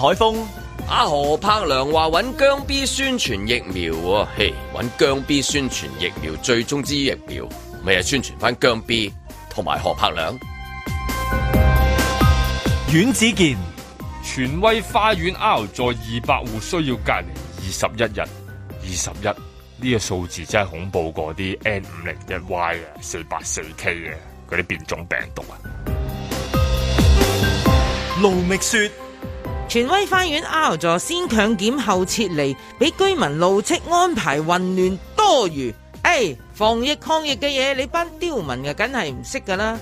海峰阿何柏良話搵姜 B 宣傳疫苗，嘿，搵姜 B 宣傳疫苗，最終之疫苗，咪係宣傳翻姜 B 同埋何柏良。阮子健，荃威花園 R 座二百戶需要隔離二十一日，二十一呢個數字真係恐怖過啲 N 五零一 Y 啊，四八四 K 嘅。嗰啲變種病毒啊。盧覓雪。權威花園 R 座先強檢後撤離，俾居民怒斥安排混亂多餘。誒、哎，防疫抗疫嘅嘢，你班刁民啊梗係唔識噶啦。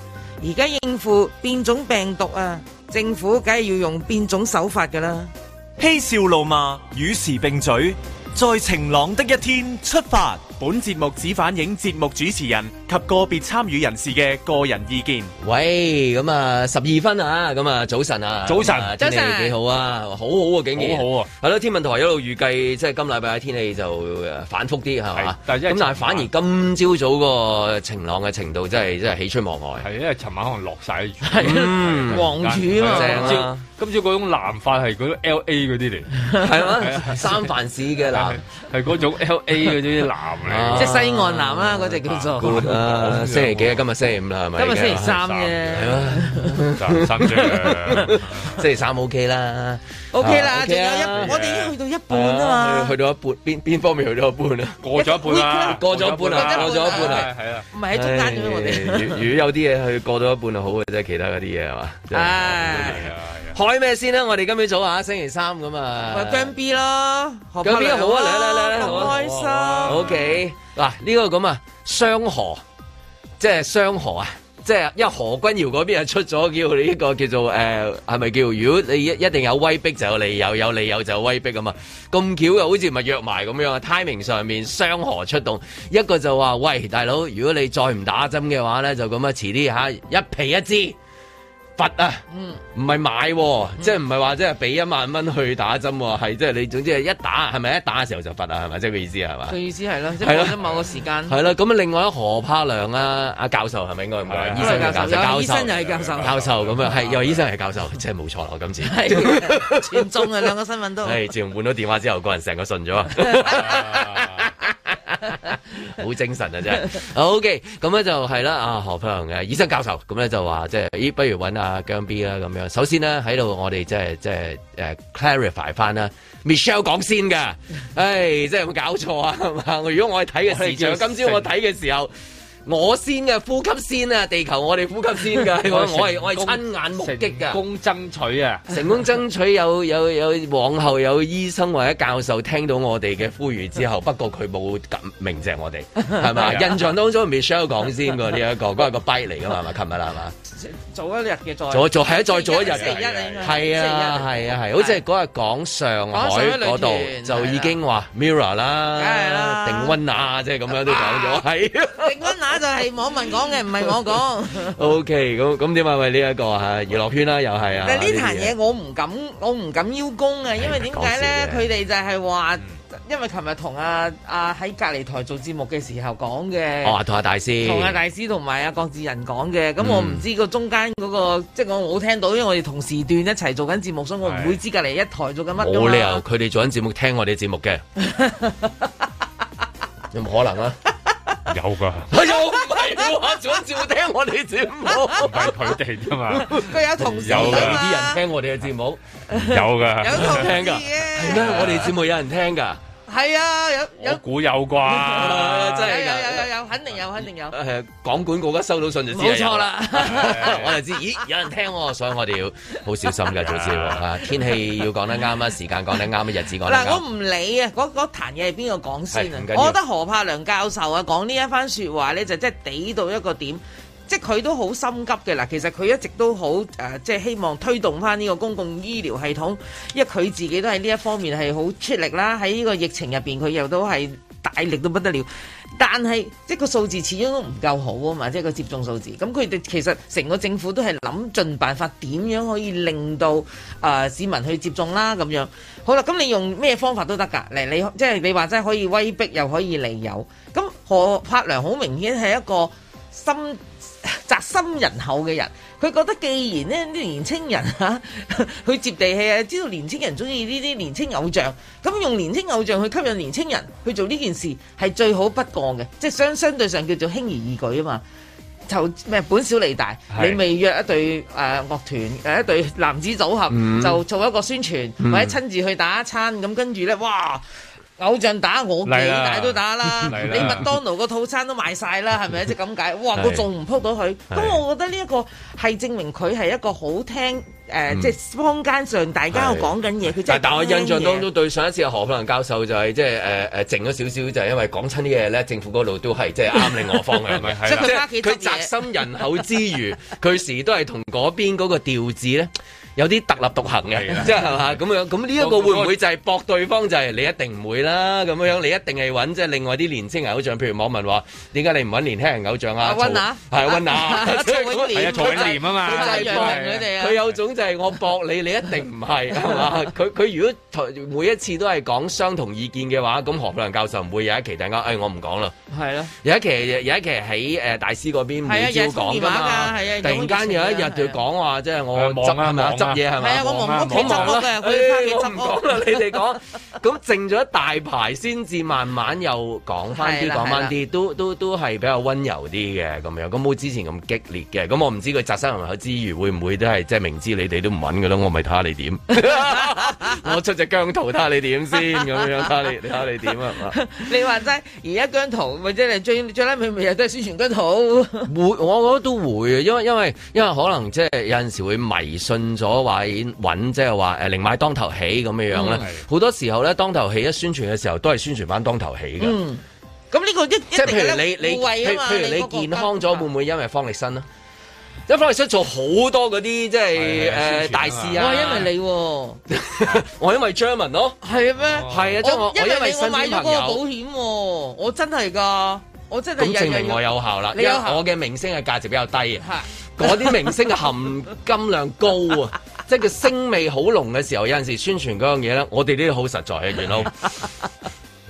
而家應付變種病毒啊，政府梗係要用變種手法噶啦。嬉笑怒罵與時並舉，在晴朗的一天出發。本節目只反映節目主持人及個別參與人士嘅個人意見。喂，咁啊十二分啊，咁啊早晨啊，早晨，天氣幾好啊？好好啊，竟然好好啊，係咯，天文台一路預計即係今禮拜嘅天氣就誒反復啲係嘛？咁但係反而今朝早個晴朗嘅程度真係真係喜出望外，係因為尋晚可能落晒雨，係，黃雨啊，正啦，今朝嗰種藍發係嗰種 L A 嗰啲嚟，係啊，三藩市嘅藍，係嗰種 L A 嗰種藍。啊、即係西岸南啦，啊，嗰、那、隻、個、叫做、啊啊。星期幾啊？今日星期五啦，啊，係咪、啊？今日、啊、星期三嘅。星期三 OK 啦。O K 啦，仲有一，我哋已經去到一半啊！去到一半，邊邊方面去到一半啊？過咗一半啦，過咗一半啊，過咗一半啊，係啊，唔係喺中間啊！我哋如果有啲嘢去過咗一半就好嘅，即係其他嗰啲嘢係嘛？唉，開咩先啦？我哋今日早下星期三咁啊，姜 B 啦，姜 B 好啊！嚟嚟嚟嚟，開心，O K 嗱，呢個咁啊，雙河，即係雙河啊！即係，因為何君堯嗰邊又出咗叫呢個叫做誒，係咪叫？如果你一一定有威逼就有理由，有理由就有威逼咁嘛。咁巧又好似咪約埋咁樣啊，timing 上面雙何出動，一個就話喂，大佬，如果你再唔打針嘅話咧，就咁啊，遲啲吓一皮一支。」罰啊，唔係買，啊，即係唔係話即係俾一萬蚊去打針，啊，係即係你總之係一打，係咪一打嘅時候就罰啊？係咪即係個意思啊？係嘛？個意思係咯，係咯，某個時間係咯。咁另外一何柏良啊，阿教授係咪應該係？醫生教授，的醫生又係教授，教授，教授咁啊，係又醫生係教授，即係冇錯啦，我今次係全中啊，兩 個新聞都係，自從換咗電話之後，個人成個信咗。 好 精神啊！真，OK，咁咧就係、是、啦，啊何柏良嘅醫生教授，咁咧就話即係，咦、就是啊，不如揾阿、啊、姜 B 啦咁樣。首先咧喺度，我哋即、就、係、是、即係、就是啊、clarify 翻啦、啊。 Michelle 講先噶，唉、哎，即係有冇搞錯啊？係嘛，如果我睇嘅時候， 今朝我睇嘅時候。 我先嘅呼吸先啊！地球我哋呼吸先噶，我係我係親眼目擊噶，成功爭取啊！成功爭取有有有往後、有醫生或者教授聽到我哋嘅呼籲之後，不過佢冇咁明正我哋，係嘛？印象當中 Michelle 講先㗎，呢一講嗰係個 bite 嚟㗎嘛？係咪？琴日啦，係嘛？早一日嘅再，再再早一日嚟，係啊，係啊，係，好似係嗰日講上海嗰度就已經話 mirror 啦，定溫娜即係咁樣都講咗係，定就係網民講嘅，唔係我講。O K，咁咁點解喂，呢一個啊？娛樂圈啦，又係啊。但係呢壇嘢我唔敢，我唔敢邀功啊！因為點解咧？佢哋就係話，因為琴日同阿阿喺隔籬台做節目嘅時候講嘅。哦，同阿大師，同阿大師同埋阿郭志仁講嘅。咁我唔知個中間嗰個，即係我冇聽到，因為我哋同時段一齊做緊節目，所以我唔會知隔籬一台做緊乜。冇理由，佢哋做緊節目聽我哋節目嘅，有冇可能啊？ 有噶，我又唔係喎，想照聽我哋節目，唔係佢哋啫嘛，佢 有同事，有啲 人聽我哋嘅節目， 有噶， 聽的 有聽噶，係咩？我哋節目有人聽噶。係啊，有有股有啩、 啊，真係有，有有有有肯定有肯定有。誒、啊，講廣告一收到信就知冇錯啦，我就知，咦，有人聽我，所以我哋要好小心嘅，早知啊！天氣要講得啱啊，時間講得啱啊，日子講得啱。嗱，我唔理啊，嗰嗰壇嘢係邊個講先啊？我覺得何柏良教授啊，講呢一番說話咧，你就即係地到一個點。即係佢都好心急嘅啦，其實佢一直都好誒、呃，即係希望推動翻呢個公共醫療系統，因為佢自己都喺呢一方面係好出力啦。喺呢個疫情入邊，佢又都係大力到不得了。但係即係個數字始終都唔夠好啊嘛，即係個接種數字。咁佢哋其實成個政府都係諗盡辦法，點樣可以令到誒、呃、市民去接種啦咁樣。好啦，咁你用咩方法都得㗎。你即係你話真係可以威逼又可以利誘。咁何柏良好明顯係一個心。宅心仁厚嘅人，佢覺得既然呢啲年青人嚇、啊，佢接地氣啊，知道年青人中意呢啲年青偶像，咁用年青偶像去吸引年青人去做呢件事，係最好不過嘅，即係相相對上叫做輕而易舉啊嘛，就咩本小利大，是你未約一隊誒樂團，誒、呃、一隊男子組合、嗯、就做一個宣傳，嗯、或者親自去打一餐，咁跟住呢，哇！偶像打我幾大都打啦，你麥當勞個套餐都賣晒啦，係咪啊？即咁解，哇！我仲唔撲到佢？咁我覺得呢一個係證明佢係一個好聽誒，即坊間上大家講緊嘢，佢真係。但我印象當中對上一次何柏良教授就係即係誒誒靜咗少少，就係因為講親啲嘢咧，政府嗰度都係即係啱你我方向，係咪？即係佢宅心仁厚之餘，佢時都係同嗰邊嗰個調子咧。有啲特立獨行嘅，即係係咁樣咁呢一個會唔會就係搏對方，就係你一定唔會啦咁樣，你一定係揾即係另外啲年輕人偶像，譬如網民話點解你唔揾年輕人偶像啊？温拿係温拿，蔡依蓮啊，蔡依蓮啊嘛，佢有種就係我搏你，你一定唔係係嘛？佢佢如果每一次都係講相同意見嘅話，咁何佩良教授唔會有一期突然間：「我唔講啦，係啦，有一期有一期喺大師嗰邊唔少講㗎，突然間有一日就講話即係我嘢係嘛？我冇冇冇啦！我唔講啦，你哋講。咁靜咗一大排，先至慢慢又講翻啲，講翻啲，都都都係比較温柔啲嘅咁樣。咁冇之前咁激烈嘅。咁我唔知佢扎身人口之餘，會唔會都係即係明知你哋都唔穩嘅咯？我咪睇下你點。 我出隻姜濤睇下你點先咁樣，睇下你，你睇下 你點係嘛？你話齋而家姜濤，或者你最最拉尾咪都係宣傳姜濤？ 會，我覺得都會，因為因為因為可能即係有陣時會迷信咗。都話穩，即係話誒，寧買當頭起咁樣樣咧。好多時候咧，當頭起一宣傳嘅時候，都係宣傳翻當頭起嘅。嗯，咁呢個一即係譬如你你，譬如你健康咗，會唔會因為方力申呢？因為方力申做好多嗰啲即係誒大使啊！我係因為你，我因為 Jerman 咯，係咩？係啊，因為我因為我買咗嗰個保險，我真係噶，我真係咁證明我有效啦，因為我嘅明星嘅價值比較低。嗰啲明星嘅含金量高啊，即係佢星味好濃嘅時候，有陣時宣傳嗰樣嘢咧，我哋呢啲好實在嘅，元佬。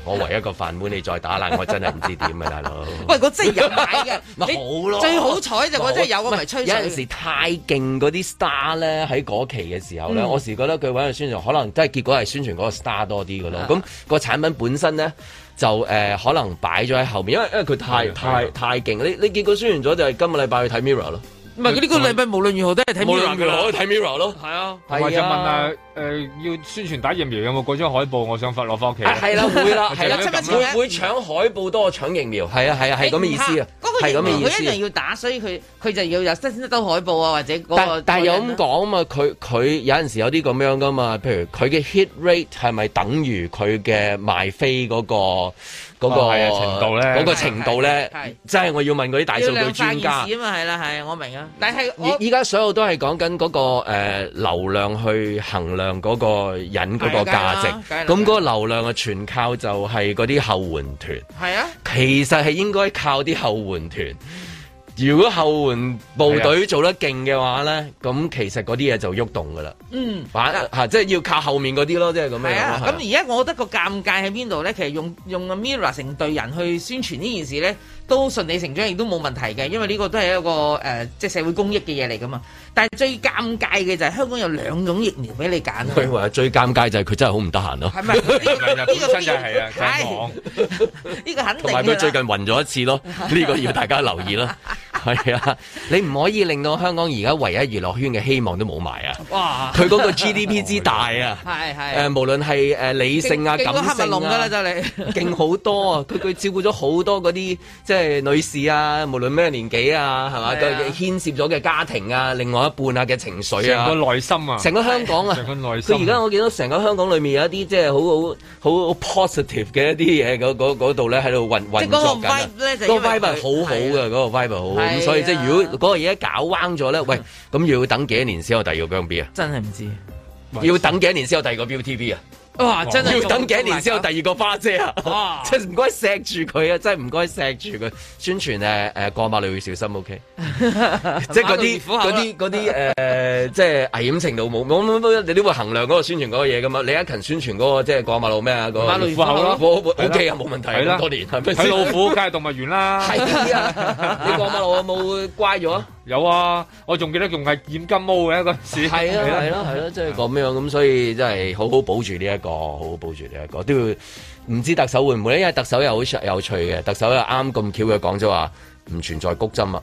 我唯一個飯碗，你再打爛，我真係唔知點啊，大佬。喂，嗰真係有買嘅，咪好咯。最好彩就我真係有，我咪吹水。有陣時太勁嗰啲 star 咧，喺嗰期嘅時候咧，我時覺得佢搵佢宣傳，可能真係結果係宣傳嗰個 star 多啲噶咯。咁個產品本身咧就誒可能擺咗喺後面，因為因為佢太太太勁，你你結果宣傳咗就係今個禮拜去睇 mirror 咯。唔係，呢個禮拜無論如何都係睇 mirror。冇攔佢都睇 mirror 咯，係啊。我就問下要宣傳打疫苗有冇嗰張海報？我想發落翻屋企。係啦，會啦，係喇。一招。會搶海報多過搶疫苗，係啊，係啊，係咁嘅意思啊，係咁嘅意思。佢一樣要打，所以佢佢就要有新鮮得到海報啊，或者嗰個。但有咁講啊嘛，佢佢有陣時有啲咁樣噶嘛，譬如佢嘅 hit rate 係咪等於佢嘅賣飛嗰個？嗰個程度咧，嗰個程度咧，即係我要問嗰啲大數據專家啊嘛，係啦，係，我明啊。但係我依家所有都係講緊嗰個、呃、流量去衡量嗰個人嗰個價值。咁嗰個流量啊，全靠就係嗰啲後援團。係啊，其實係應該靠啲後援團。如果後援部隊做得勁嘅話咧，咁其實嗰啲嘢就喐動噶啦。嗯，反嚇即係要靠後面嗰啲咯，即係咁樣。咁而家我覺得個尷尬喺邊度咧？其實用用 Mirror 成隊人去宣傳呢件事咧，都順理成章，亦都冇問題嘅，因為呢個都係一個誒即係社會公益嘅嘢嚟噶嘛。但係最尷尬嘅就係香港有兩種疫苗俾你揀。佢話最尷尬就係佢真係好唔得閒咯。係咪呢個真係係啊？監控呢個肯定。同埋佢最近暈咗一次咯，呢個要大家留意啦。係啊！你唔可以令到香港而家唯一娛樂圈嘅希望都冇埋啊！哇！佢嗰個 GDP 之大啊！係係誒，無論係理性啊、感性啊，勁黑物龍㗎啦！真係勁好多啊！佢佢照顧咗好多嗰啲即係女士啊，無論咩年紀啊，係嘛？佢牽涉咗嘅家庭啊、另外一半啊嘅情緒啊，成個內心啊，成個香港啊，佢而家我見到成個香港裏面有一啲即係好好好 positive 嘅一啲嘢嗰度咧喺度運運作緊個 vibe 好好嘅，嗰個 vibe 好好。所以即係如果嗰個嘢搞彎咗咧，喂，咁要等幾多年先有第二個姜 B 啊？真係唔知，要等幾年先有第二個 ViuTV 啊？哇！真係要等幾年之後第二個花姐啊！哇！真係唔該錫住佢啊！真係唔該錫住佢宣傳誒誒過馬路要小心，O K。即係嗰啲嗰啲嗰啲誒，即係危險程度冇，你都會衡量嗰個宣傳嗰個嘢噶嘛？李克勤宣傳嗰個即係過馬路咩啊？過馬路如虎口咯，O K 啊，冇問題。多年睇老虎，梗係動物園啦。係啊，你過馬路有冇乖咗？有啊，我仲記得仲係染金毛嘅一個事，係咯係咯係咯，即係個咩樣咁，所以真係好好保住呢一個，好好保住呢一個都要。唔知特首會唔會咧？因為特首又好有趣嘅，特首又啱咁巧嘅講咗話，唔存在谷針啊！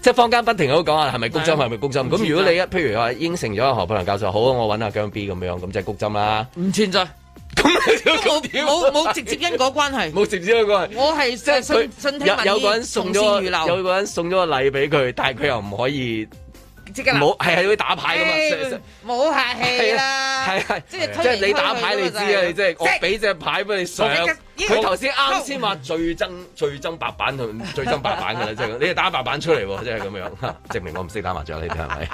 即係坊間不停都講話，係咪谷針係咪谷針？咁如果你一譬如話應承咗何柏良教授，好啊，我揾下姜 B 咁樣，咁即係谷針啦，五千針。咁冇冇冇直接因果關係，冇直接因果關係。我係即係信信有有個人送咗，有個人送咗個禮俾佢，但係佢又唔可以即刻冇，係喺度打牌噶嘛，冇客氣啦，係係即係你打牌你知啊，即係我俾隻牌俾你，所佢頭先啱先話最憎最憎白板同最憎白板㗎啦，即係你打白板出嚟喎，即係咁樣，證明我唔識打麻雀，你哋係咪？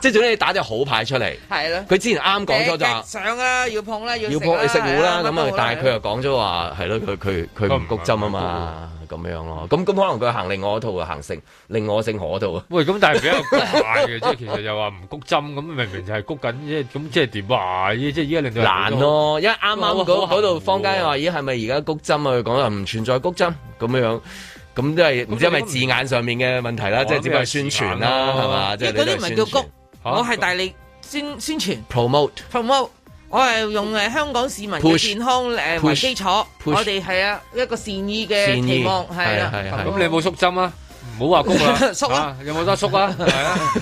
即係總之你打隻好牌出嚟，係咯。佢之前啱講咗就上啦，要碰啦，要碰你食糊啦。咁啊，但係佢又講咗話係咯，佢佢佢唔谷針啊嘛，咁樣咯。咁咁可能佢行另外一套啊，行勝另外勝河嗰套啊。喂，咁但係比較怪嘅，即係其實又話唔谷針咁，明明就係谷緊啫。咁即係點啊？即係依家令到難咯。因為啱啱嗰度坊間又話：咦，係咪而家？谷針啊，佢講啊，唔存在谷針咁樣樣，咁都係唔知係咪字眼上面嘅問題啦，哦、即係只不過係宣傳啦，係嘛、啊？即係嗰啲唔係叫谷，啊、我係大力宣傳、啊、宣傳，promote，promote，我係用誒香港市民嘅健康誒為基礎，push, push, push, 我哋係啊一個善意嘅希望係啦。咁你有冇縮針啊？冇話縮啊，啊，有冇得縮啊？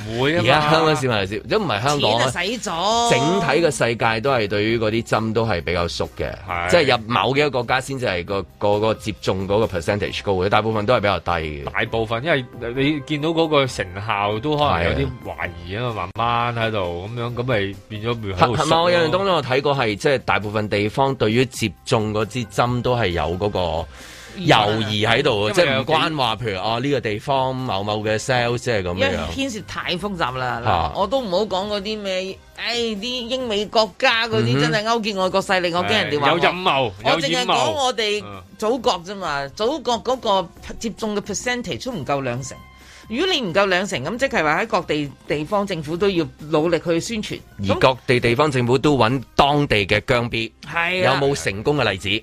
唔會 啊！而家、yeah, 香港市民嚟都唔係香港啊。洗咗，整體嘅世界都係對於嗰啲針都係比較縮嘅，即係是入某幾個國家先至係個個接種嗰個 percentage 高嘅，大部分都係比較低嘅。大部分因為你見到嗰個成效都可能有啲懷疑啊嘛，慢慢喺度咁樣，咁咪變咗。係我印象當中我睇過係即係大部分地方對於接種嗰支針都係有嗰、嗰個。猶疑喺度即係唔關話，譬如我呢、啊呢個地方某某嘅 sales 即係咁樣。因為牽涉太複雜啦，啊、我都唔好講嗰啲咩，誒、哎、啲英美國家嗰啲真係勾結外國勢力，嗯、哼我驚人哋話，有陰謀，我淨係講我哋祖國啫嘛，啊、祖國嗰個接種嘅 percentage 都唔夠兩成。如果你唔夠兩成，咁即係話喺各地地方政府都要努力去宣傳。而各地地方政府都揾當地嘅姜 B，有冇成功嘅例子？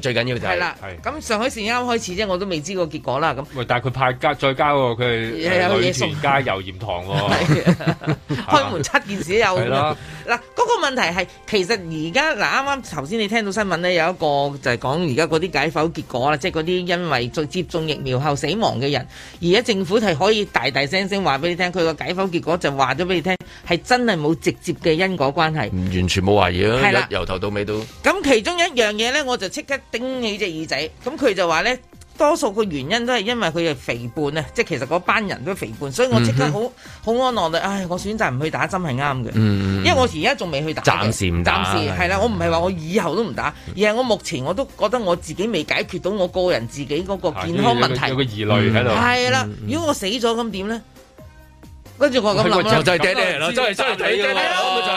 最緊要就係、是，啦，係咁上海市啱開始啫，我都未知個結果啦，咁。喂，但係佢派加再加喎，佢美團加油鹽糖喎，開門七件事也有。係嗱的，嗰的個問題係，其實而家嗱，啱啱頭先你聽到新聞咧，有一個就係講而家嗰啲解剖結果啦，即係嗰啲因為在接種疫苗後死亡嘅人，而家政府係可以大大聲聲話俾你聽，佢個解剖結果就話咗俾你聽，係真係冇直接嘅因果關係，完全冇懷疑啦、啊，由的頭到尾都。咁其中一樣嘢咧，我就。即刻叮起隻耳仔，咁佢就話呢，多數個原因都係因為佢係肥胖啊，即係其實嗰班人都肥胖，所以我即刻好好、嗯、哼安樂地，唉，我選擇唔去打針係啱嘅，嗯、因為我而家仲未去打嘅，暫時唔打，暫時、係啦，我唔係話我以後都唔打，嗯、而係我目前我都覺得我自己未解決到我個人自己嗰個健康問題，有個，有個疑慮喺度，係啦、嗯，嗯、如果我死咗咁點呢？跟住我咁諗就真係嗲你啦，真係真係睇嘅啦。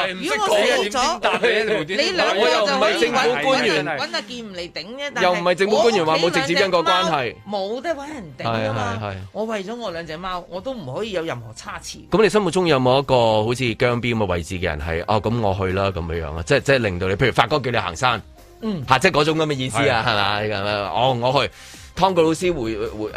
如果我講咗，你你兩我就唔係政府官員揾阿建唔嚟頂啫。又唔係政府官員話冇直接因果關係，冇得揾人頂啊嘛。我為咗我兩隻貓，我都唔可以有任何差池。咁你心目中有冇一個好似姜邊咁嘅位置嘅人係哦？咁我去啦咁樣樣啊，即即令到你，譬如發哥叫你行山，嗯嚇，即嗰種咁嘅意思啊，係咪？我我去。湯告老師回回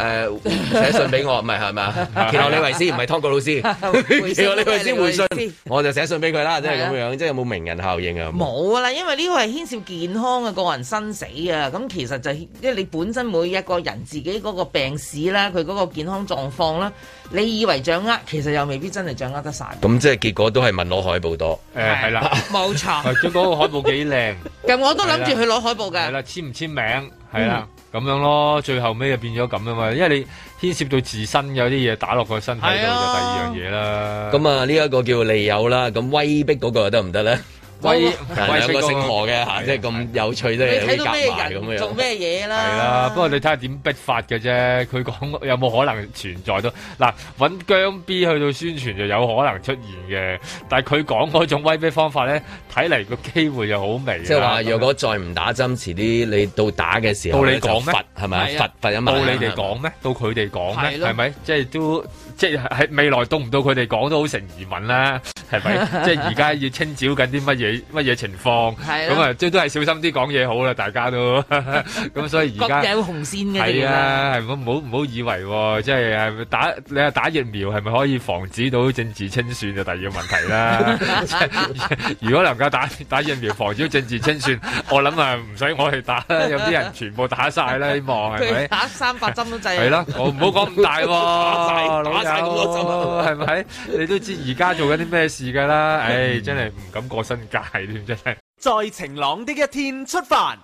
誒，寫信俾我，唔係，係咪啊？奇洛李維斯唔係湯告老師，奇洛李維斯回信，我就寫信俾佢啦，即係咁樣，即係有冇名人效應啊？冇啦，因為呢個係牽涉健康嘅個人生死啊！咁其實就即係你本身每一個人自己嗰個病史啦，佢嗰個健康狀況啦，你以為掌握，其實又未必真係掌握得晒。咁即係結果都係問攞海報多，誒，係啦，冇錯。嗰個海報幾靚，咁我都諗住去攞海報嘅。係啦，簽唔簽名係啦。咁樣咯，最後尾就變咗咁啊嘛，因為你牽涉到自身有啲嘢打落個身體度，就第二樣嘢啦。咁啊，呢一個叫利誘啦，咁威逼嗰個又得唔得咧？威有個星河嘅，嚇，即係咁有趣都。你睇到咩人咁啊？做咩嘢啦？係啦，不過你睇下點逼發嘅啫。佢講有冇可能存在到嗱，揾姜 B 去到宣傳就有可能出現嘅。但佢講嗰種威逼方法咧，睇嚟個機會又好微。即係話，若果再唔打針，遲啲你到打嘅時候，到你講佛係咪？佛佛，到你哋講咩？到佢哋講咩？係咪？即係都即係喺未來到唔到佢哋講都好成疑問啦。係咪？即係而家要清剿緊啲乜嘢？乜嘢情況？咁啊，即係都係小心啲講嘢好啦，大家都咁 所以而家 有紅線嘅係啊，係唔好唔好唔好以為即係係打你係打疫苗係咪可以防止到政治清算就第二個問題啦？ 如果能夠打打疫苗防止到政治清算， 我諗啊唔使我哋打啦，有啲人全部打晒啦，希望係咪？ 打三百針都制？係咯，我唔好講咁大喎、哦， 打晒咁多針，係咪、哦？你都知而家做緊啲咩事㗎啦？唉、 哎，真係唔敢過身係，再晴朗一的一天出發。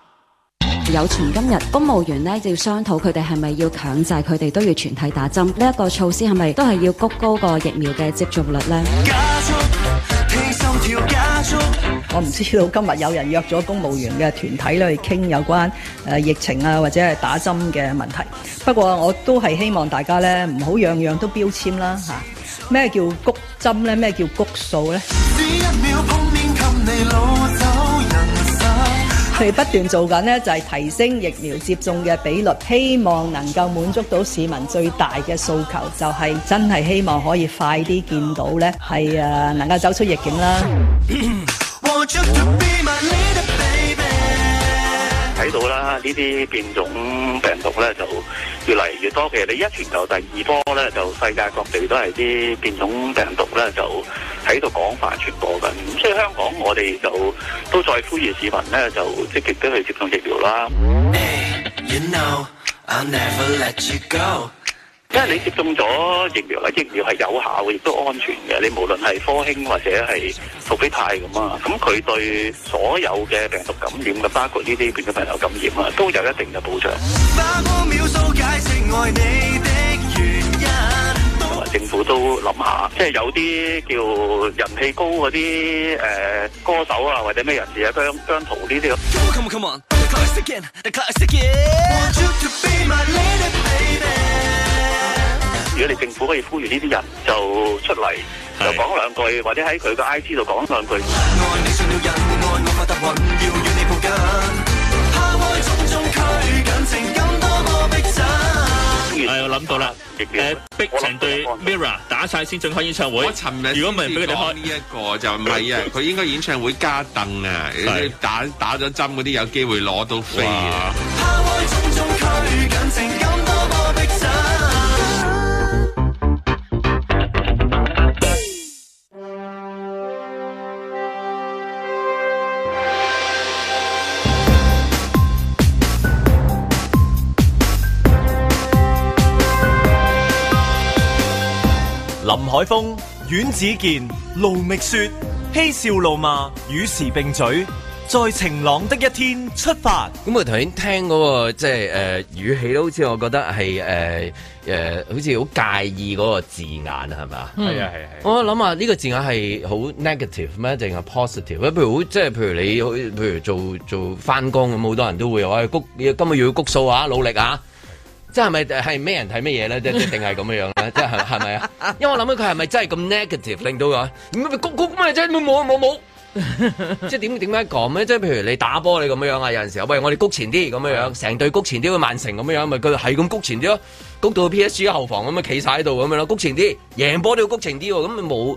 有傳今日公務員咧要商討，佢哋係咪要強制佢哋都要全體打針？呢、這、一個措施係咪都係要谷高個疫苗嘅積聚率呢？我唔知道。今日有人約咗公務員嘅團體去傾有關、呃、疫情啊或者係打針嘅問題。不過我都係希望大家呢，唔好樣樣都標籤啦嚇。咩、啊、叫谷針呢？咩叫谷數呢？佢不斷做緊呢，就係提升疫苗接種嘅比率，希望能夠滿足到市民最大嘅訴求，就係真係希望可以快啲見到呢，係啊，能夠走出疫境啦。睇到啦，呢啲變種病毒咧就越嚟越多嘅。其實你一傳就第二波咧，就世界各地都係啲變種病毒咧，就喺度廣泛傳播緊。咁所以香港我哋就都再呼籲市民咧，就積極都去接種疫苗啦。Hey, you know, 因為你接種咗疫苗啦，疫苗係有效嘅，亦都安全嘅。你無論係科興或者係復必泰咁啊，咁佢對所有嘅病毒感染啊，包括呢啲變咗病毒感染啊，都有一定嘅保障。政府都諗下，即係有啲叫人氣高嗰啲誒歌手啊，或者咩人士啊，姜姜濤呢啲。如果你政府可以呼籲呢啲人就出嚟，就講兩句，是或者喺佢個 IG 度講兩句。哎、我諗到啦、啊。逼碧晨對 Mirror 打晒先準開演唱會。我尋日如果唔係俾佢哋開呢一個就唔係 啊！佢應該演唱會加凳啊！的打打咗針嗰啲有機會攞到飛啊！林海峰、阮子健、盧覓雪、嬉笑怒罵、與時並嘴，在晴朗的一天出發。咁我哋頭先聽嗰個即係誒語氣都好似我覺得係誒誒，好似好介意嗰個字眼係咪？嘛？係啊係啊。我諗下呢個字眼係好 negative 咩？定係 positive？咁譬如好，即係譬如你，譬如做做翻工咁，好多人都會話：，我、哎、谷，今日要谷數啊，努力啊！即係咪係咩人睇咩嘢咧？即係定係咁嘅樣咧？即係係咪啊？因為我諗咧，佢係咪真係咁 negative 令到話谷谷咁嘅啫？冇冇冇，即係點點解講咧？即係譬如你打波你咁樣樣啊，有陣時候喂我哋谷前啲咁樣樣，成隊谷前啲去曼城咁樣樣，咪佢係咁谷前啲咯，谷到 PSG 後防咁樣企晒喺度咁樣咯，谷前啲贏波都要谷前啲喎，咁咪冇。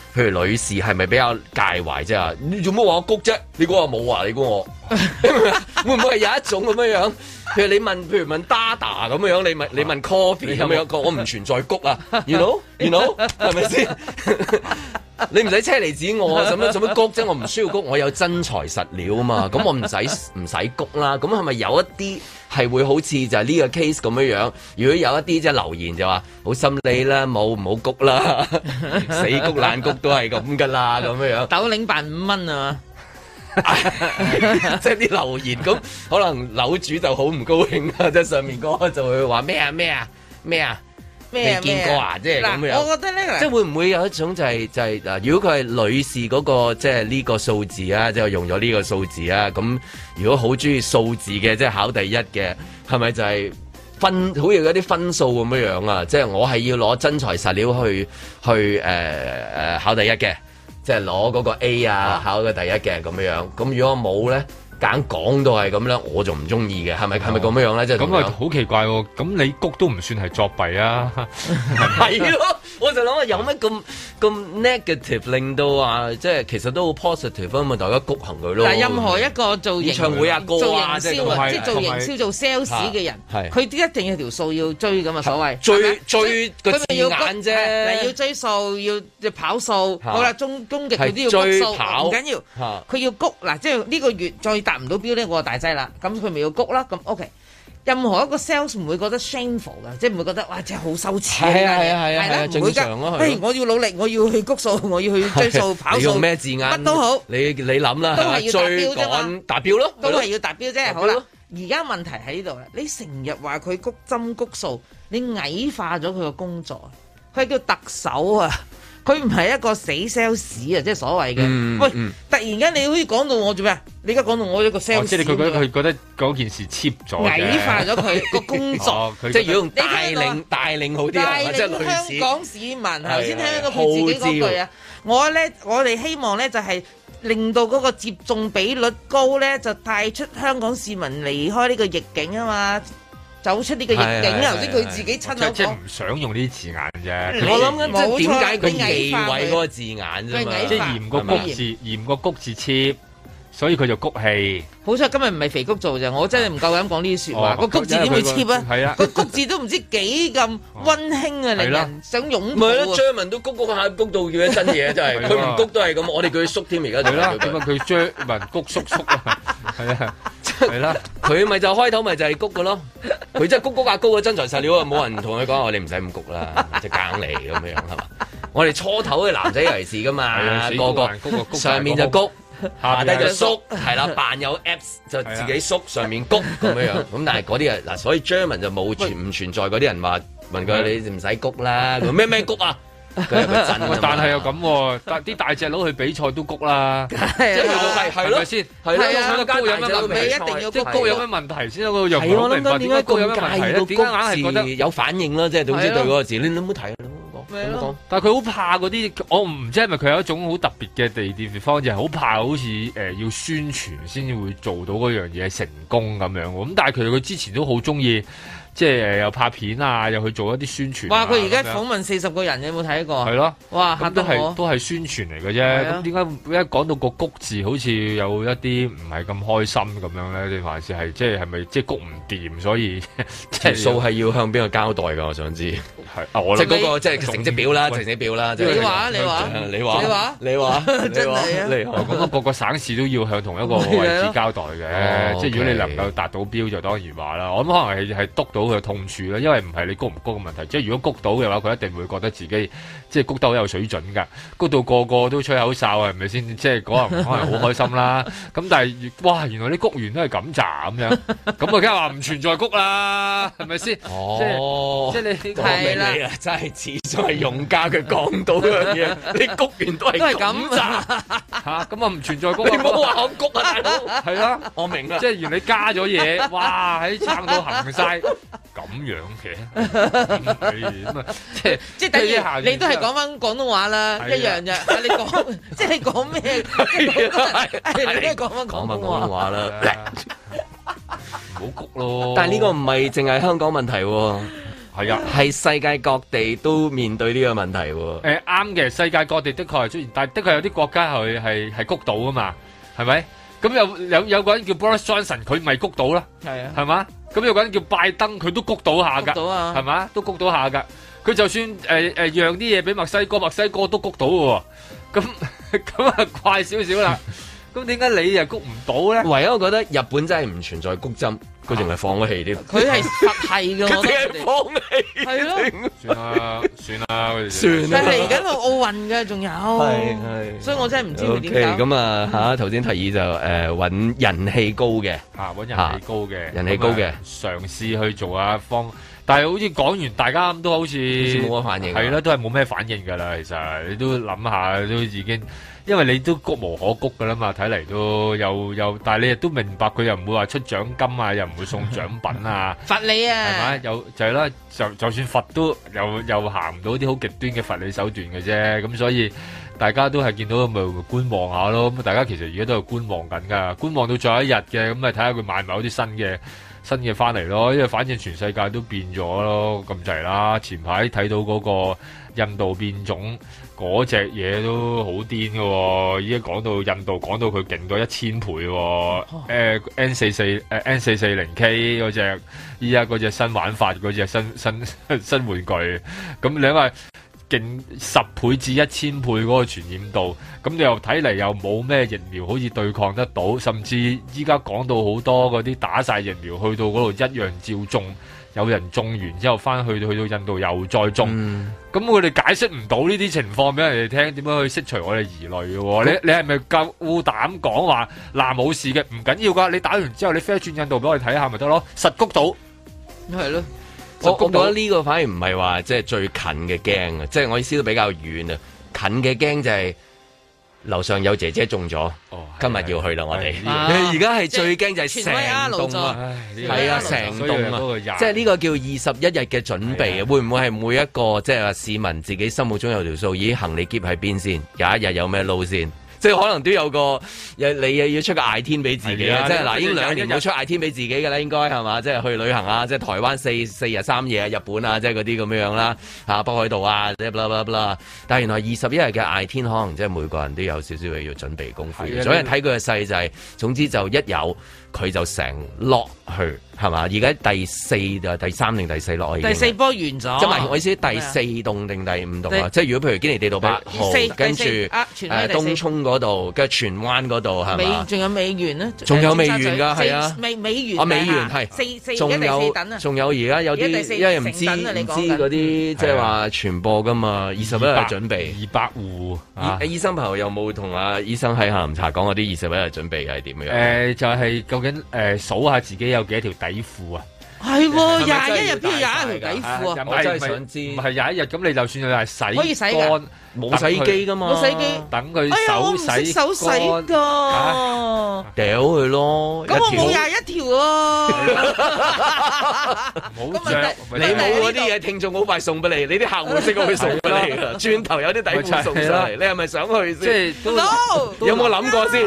譬如女士係咪比較介懷啫？你做乜話我谷啫？你估我冇啊？你估我 會唔會係有一種咁樣樣？譬如你問譬如問 Dada 咁樣樣，你問 ee, 你問 Coffee 咁樣個，我唔存在谷啊？You know？You know？係咪先？你唔使車厘子我，做乜做乜谷啫？我唔需要谷，我有真材實料啊嘛。咁我唔使唔使谷啦。咁係咪有一啲係會好似就係呢個 case 咁樣樣？如果有一啲即係留言就話好心你啦，冇唔好谷啦，死谷爛谷都係咁噶啦，咁樣樣。抖領辦五蚊啊！ 即係啲留言，咁可能樓主就好唔高興啦。即係上面嗰個就會話咩啊咩啊咩啊！你見過啊？即係咁樣。我覺得咧，即係會唔會有一種就係就係嗱，如果佢係女士嗰個即係呢個數字啊，即係用咗呢個數字啊，咁如果好中意數字嘅，即係考第一嘅，係咪就係分好似嗰啲分數咁樣啊？即係我係要攞真材實料去去誒誒考第一嘅，即係攞嗰個 A 啊，啊考個第一嘅咁樣樣。咁如果冇咧？夾硬講到係咁咧，我就唔中意嘅，係咪係咪咁樣樣咧？即係咁啊，好奇怪喎！咁你谷都唔算係作弊啊？係咯，我就諗啊，有乜咁咁 negative 令到啊？即係其實都好 positive，咁咪大家谷行佢咯。但係，任何一個做演唱會啊、歌啊、即係做營銷、做 sales 嘅人，佢一定要條數要追咁啊，所謂追追要字眼啫，要追數要跑數。好啦，終終極佢都要追數，唔緊要，佢要谷嗱，即係呢個月再達唔到標呢，我就大劑啦。咁佢咪要谷啦。咁 OK，任何一個 sales 唔會覺得 shameful 嘅，即係唔會覺得哇，即係好羞恥嘅。係啊，係啊，係啊，正常咯。誒，啊、我要努力，我要去谷數，我要去追數，OK，跑數，咩字眼？乜都好。你你諗啦，都係要達標啫嘛。達標咯，都係要達標啫。好啦，而家問題喺度啊，你成日話佢谷針谷數，你矮化咗佢嘅工作。佢叫特首啊。佢唔係一個死 sales 啊，即係所謂嘅。嗯、喂，嗯、突然間你好似講到我做咩？你而家講到我一個 sales，、哦、即係佢覺得佢覺得嗰件事 cheap 咗，矮化咗佢個工作，即係如果用帶領帶領好啲，即係香港市民。頭先聽到佢自己嗰句啊，我咧我哋希望咧就係、是、令到嗰個接種比率高咧，就帶出香港市民離開呢個逆境啊嘛。走出呢個逆境啦，頭先佢自己親口講，即係唔想用啲字眼啫。他眼我諗緊即係點解佢忌諱嗰個字眼啫？即係嫌個谷字，嫌個谷字切。所以佢就谷氣，好彩今日唔係肥谷做就我真係唔夠膽講呢啲說話。個谷字點會貼啊？個谷字都唔知幾咁温馨啊！你人想擁抱。唔係咯 j e 都谷谷下谷到叫一真嘢，真係。佢唔谷都係咁，我哋叫佢叔」添而家。係啦，點佢 j 文谷叔叔」啊？係啊，係啦，佢咪就開頭咪就係谷嘅咯。佢真係谷谷下谷啊！真材實料啊！冇人同佢講，我哋唔使咁谷啦，就假嘢咁樣係嘛。我哋初頭嘅男仔尤其是噶嘛，個個上面就谷。下低就縮，係啦，扮有 apps 就自己縮，上面谷咁樣樣。咁但係嗰啲人嗱，所以 German 就冇存唔存在嗰啲人話，問佢你唔使谷啦，咩咩谷啊？但係又咁，但啲大隻佬去比賽都谷啦，即係又係係咪先？係啊，高有咩問題？即係高有咩問題先？我又唔明白。係我諗諗，點解個界個字有反應啦？即係總之對嗰個字，你唔好睇對但係佢好怕嗰啲，我唔知係咪佢有一種好特別嘅地點點方，就係好怕好似、呃、要宣傳先至會做到嗰樣嘢成功咁樣。咁但係其實佢佢之前都好中意。即係又拍片啊，又去做一啲宣傳。哇！佢而家訪問四十個人，你有冇睇過？係咯。哇！都係都係宣傳嚟嘅啫。咁點解一講到個谷字，好似有一啲唔係咁開心咁樣咧？定還是係即係係咪即係谷唔掂，所以數係要向邊個交代㗎？我想知。即係嗰個即係成績表啦，成績表啦。你話你話你話你話你話。咁啊，個個省市都要向同一個位置交代嘅。即係如果你能夠達到標，就當然話啦。我諗可能係係篤到。到佢痛處啦，因為唔係你谷唔谷嘅問題，即係如果谷到嘅話，佢一定會覺得自己。即係谷得好有水準㗎，谷到個個都吹口哨啊，係咪先？即係嗰日可能好開心啦，咁但係哇，原來啲谷員都係咁炸。咁樣，咁我梗係話唔存在谷啦，係咪先？哦，即係你講明你啦，真係始終係用家佢講到嘅嘢，啲谷員都係咁炸。嚇，咁啊唔存在谷。你唔好話講谷啊，大佬。係啦，我明啦，即係原你加咗嘢，哇，喺撐到行晒。咁樣嘅，咁啊，即係即係等於你都係講翻廣東話啦，一樣咋？你講即係講咩啊？係，你都係講翻廣東話啦，唔好谷咯。但係呢個唔係淨係香港問題喎，係啊，係世界各地都面對呢個問題喎。誒啱嘅，世界各地的確係出現，但的確有啲國家係係係谷到啊嘛，係咪？咁有有有個人叫 Boris Johnson，佢咪谷到啦，係啊，係嘛？咁有個人叫拜登，佢都谷到下噶，係咪？都谷到下噶，佢就算誒誒讓啲嘢畀墨西哥，墨西哥都谷到嘅喎。咁咁啊怪少少啦。咁點解你又谷唔到咧？唯一我覺得日本真係唔存在谷針。佢仲係放咗氣添，佢係實係嘅，我都放棄，係咯 算啦， 算啦，算啦，但係而家度奧運嘅仲有，係，所以我真係唔知佢點解咁啊吓！頭、啊、先提議就誒揾、呃、人氣高嘅吓，揾、啊、人氣高嘅、啊、人氣高嘅嘗試去做下、啊、方，但係好似講完大家好 都好似冇乜反應，係啦，都係冇咩反應噶啦，其實你都諗下都已經。因為你都谷無可谷㗎啦嘛，睇嚟都又又，但係你亦都明白佢又唔會話出獎金啊，又唔會送獎品啊，罰你啊，係咪？又就係啦，就就算罰都又又行唔到啲好極端嘅罰你手段嘅啫。咁所以大家都係見到咪觀望下咯。咁大家其實而家都係觀望緊㗎，觀望到最後一日嘅咁咪睇下佢買唔買到啲新嘅新嘅翻嚟咯。因為反正全世界都變咗咯，咁就係啦。前排睇到嗰個印度變種。嗰隻嘢都好癲㗎，依家講到印度，講到佢勁到一千倍、哦，誒、oh. 呃、N 四四誒 N 四四零 K 嗰隻，依家嗰隻新玩法，嗰隻新新新玩具，咁你因為勁十倍至一千倍嗰個傳染度，咁你又睇嚟又冇咩疫苗可以對抗得到，甚至依家講到好多嗰啲打晒疫苗去到嗰度一樣照中。有人種完之後，翻去去到印度又再種，咁佢哋解釋唔到呢啲情況俾人哋聽，點樣去釋除我哋疑慮嘅喎？你你係咪夠膽講話嗱冇事嘅？唔緊要噶，你打完之後你飛轉印度俾我哋睇下咪得咯，實谷到，係咯。我覺得呢個反而唔係話即係最近嘅驚啊，即係我意思都比較遠啊。近嘅驚就係。樓上有姐姐中咗，哦、今日要去啦！我哋而家係最驚就係成棟，係啊，成棟即係呢個叫二十一日嘅準備，啊會唔會係每一個即係市民自己心目中有條數，咦，行李攜喺邊先，有一日有咩路線？即係可能都有個，你又要出個 i 天俾自己嘅，即係嗱，已經兩年冇出 i 天俾自己嘅啦，應該係嘛？即係去旅行啊，即係台灣四四日三夜，啊，日本啊，即係嗰啲咁樣樣啦，嚇北海道啊，即係啦啦啦啦。但係原來二十一日嘅 i 天，可能即係每個人都有少少嘅要準備功夫。所以睇佢嘅勢就係，是，總之就一有佢就成落。去係嘛？而家第四就第三定第四落去，第四波完咗。即係唔係我意思第四棟定第五棟啊？即係如果譬如堅尼地道八號，跟住東涌嗰度，跟住荃灣嗰度係咪？仲有美元呢？仲有美元㗎係啊？美美元啊美元係仲有仲有而家有啲，因為唔知唔知嗰啲即係話傳播㗎嘛？二十一日係準備二百戶。醫生朋友有冇同阿醫生喺下午茶講嗰啲二十一日係準備係點樣？誒就係究竟誒數下自己有。有幾多條底褲啊？係喎，廿一日邊度廿一條底褲啊？又冇真係想知，唔係廿一日咁，你就算佢係可以洗乾，冇洗機噶嘛，冇洗機，等佢手洗，手洗噶，屌佢咯！咁我冇廿一條啊！冇得，你冇嗰啲嘢，聽眾好快送俾你，你啲客戶識會送俾你啦，轉頭有啲底褲送俾你，你係咪想去先？即係都有冇諗過先？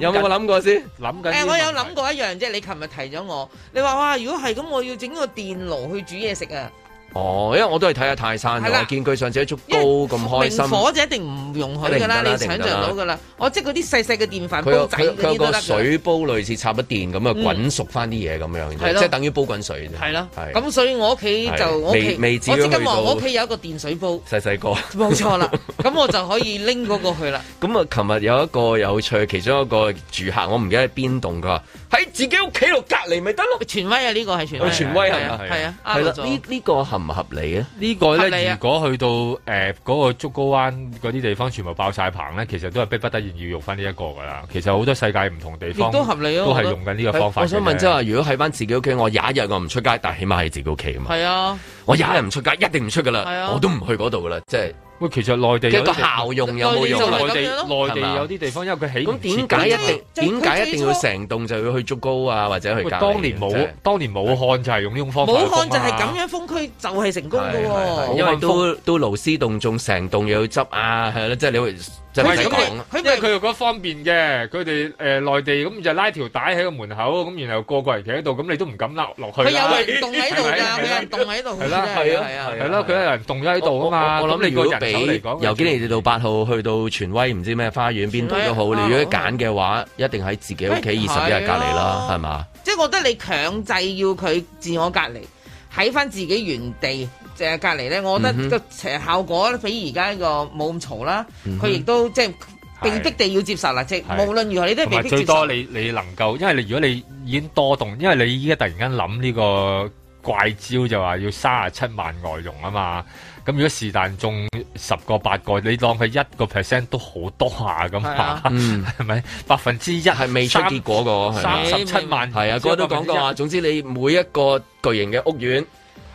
有冇諗過先？諗緊誒，我有諗過一樣，即係你琴日提咗我，你話哇，如果係咁。我要整個電爐去煮嘢食啊！哦，因為我都係睇下泰山，我見佢上次一竹煲咁開心，明火就一定唔容許㗎啦，你想象到㗎啦。我即係嗰啲細細嘅電飯煲仔佢個水煲類似插不電咁啊，滾熟翻啲嘢咁樣，即係等於煲滾水啫。係咯，係。咁所以我屋企就我屋企未知，我知今日我屋企有一個電水煲，細細個，冇錯啦。咁我就可以拎嗰個去啦。咁啊，琴日有一個有趣，其中一個住客，我唔記得係邊棟㗎。喺自己屋企度隔離咪得咯，權威啊，呢個係權威？係啊，係啊。係啦呢呢個合唔合理咧？呢個咧，如果去到誒嗰個竹篙灣嗰啲地方全部爆晒棚咧，其實都係逼不得已要用翻呢一個噶啦。其實好多世界唔同地方都合理啊，都係用緊呢個方法。我想問即係話，如果喺翻自己屋企，我廿一日我唔出街，但係起碼喺自己屋企啊嘛。係啊。我一日唔出街，一定唔出噶啦，我都唔去嗰度噶啦，即係。喂，其實內地嗰個效用有冇用？內地就內地咯，係嘛？內地有啲地方，因為佢起唔徹。咁點解一？點解一定要成棟就要去竹篙啊，或者去隔離？當年武當年武漢就係用呢種方法。武漢就係咁樣封區，就係成功噶喎。因為都都勞師動眾，成棟又要執啊，係咯，即係你會。佢咁，佢因為佢覺得方便嘅，佢哋誒內地咁就拉條帶喺個門口，咁然後個個人企喺度，咁你都唔敢拉落去啦。佢有人棟喺度㗎，有人棟喺度。係啦，係啊，係啊，係啦，佢有人棟咗喺度啊嘛。我諗你嚟講，比由堅尼到八號去到荃威唔知咩花園邊度都好，你如果揀嘅話，一定喺自己屋企二十一日隔離啦，係嘛？即係我覺得你強制要佢自我隔離，喺翻自己原地。隔離咧，我覺得個效果比而家呢個冇咁嘈啦。佢亦都即係被迫地要接受啦。是即係無論如何，你都係被迫接受。最多你你能夠，因為你如果你已經多動，因為你依家突然間諗呢個怪招，就話要三十七萬外傭啊嘛。咁如果是但中十個八個，你當佢一個 percent 都好多下咁啊？係咪百分之一係未出結果個三十七萬？係啊，嗰個都講過啊。總之你每一個巨型嘅屋苑、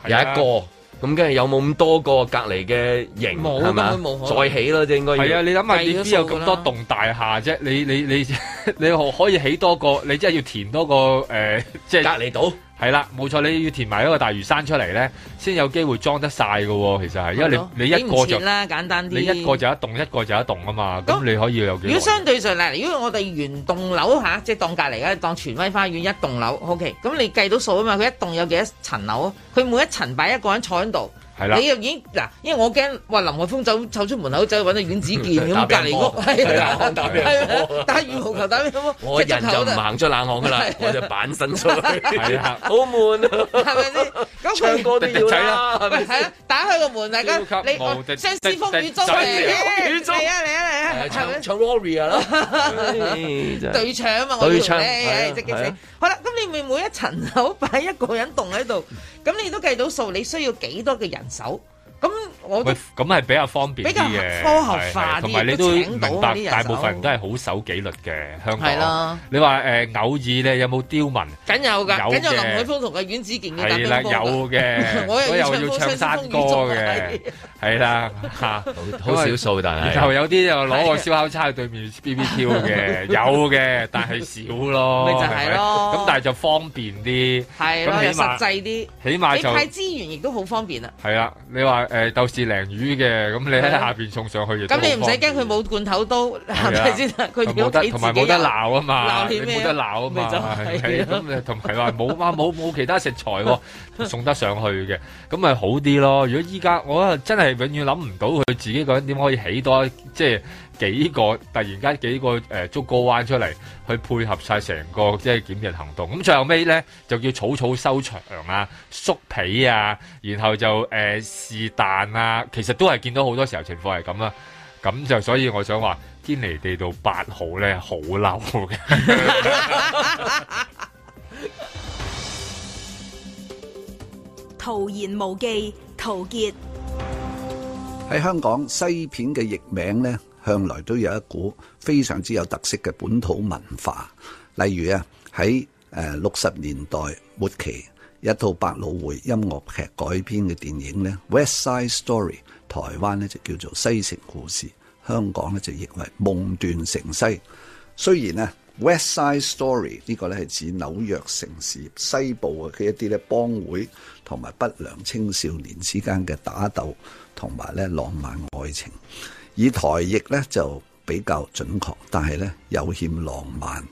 啊、有一個。咁跟住有冇咁多個隔離嘅型係嘛？再起咯，啫應該係啊！你諗下你，點知有咁多棟大廈啫？你你你 你可以起多個你即係要填多個誒，即、呃、係、就是、隔離島係啦，冇錯，你要填埋一個大嶼山出嚟咧，先有機會裝得晒噶喎。其實係，因為你 okay, 你一個就你，簡單啲你一個就一棟，一個就一棟啊嘛。咁那你可以有幾多，如果相對上嚟，如果我哋原棟樓吓，即係當隔籬啦，當荃威花園一棟樓，OK。咁你計到數啊嘛，佢一棟有幾多層樓？佢每一層擺一個人坐喺度。啦，你又已經嗱，因為我驚話林海峰走出門口走去揾到阮子健咁，隔離屋，打羽毛球打咩，我人就行出冷巷㗎啦，我就板身出嚟，好悶啊！係咪先？唱歌都要仔啦，係啊！打開個門，大家你我相思風雨中嚟，雨中啊嚟啊嚟啊！唱 Rory 啊咯，對唱啊嘛，對唱，係係係，好啦，咁你每每一層樓擺一個人棟喺度，咁你都計到數，你需要幾多嘅人？手。咁我喂，咁係比較方便，比較科學化啲，同埋你都明白，大部分人都係好守紀律嘅香港。係啦，你話誒偶爾咧有冇刁民？梗有噶，梗有林海峰同阿阮子健嘅。係啦，有嘅，我又要唱山歌嘅，係啦吓，好少數但係，就有啲又攞個燒烤叉去對面 B B Q 嘅，有嘅，但係少咯，咪就係咯。咁但係就方便啲，係咁又實際啲，起碼就派資源亦都好方便啦。係啦，你話。誒豆豉鯪魚嘅，咁你喺下面送上去，咁你唔使驚佢冇罐頭刀，係咪先？佢唔會起自己，同埋冇得鬧吖嘛，你冇得鬧吖嘛，咁誒同埋話冇吖嘛，冇 冇其他食材喎，送得上去嘅，咁咪好啲囉。如果依家我真係永遠諗唔到佢自己個人點可以起多，即係。幾個突然間幾個誒，捉過彎出嚟去配合晒成個即係檢控行動。咁最後尾咧，就叫草草收場啊，縮皮啊，然後就誒是但啊。其實都係見到好多時候情況係咁啦。咁就所以我想話堅尼地道八號咧，好嬲嘅。陶言無忌，陶傑喺香港西片嘅譯名咧。向來都有一股非常之有特色嘅本土文化，例如啊喺六十年代末期一套百老匯音樂劇改編嘅電影呢《West Side Story》，台灣呢就叫做《西城故事》，香港呢就譯為《夢斷城西》。雖然咧，《West Side Story》呢個呢係指紐約城市西部嘅一啲呢幫會同埋不良青少年之間嘅打鬥同埋呢浪漫愛情。以台譯咧就比較準確，但係咧有欠浪漫。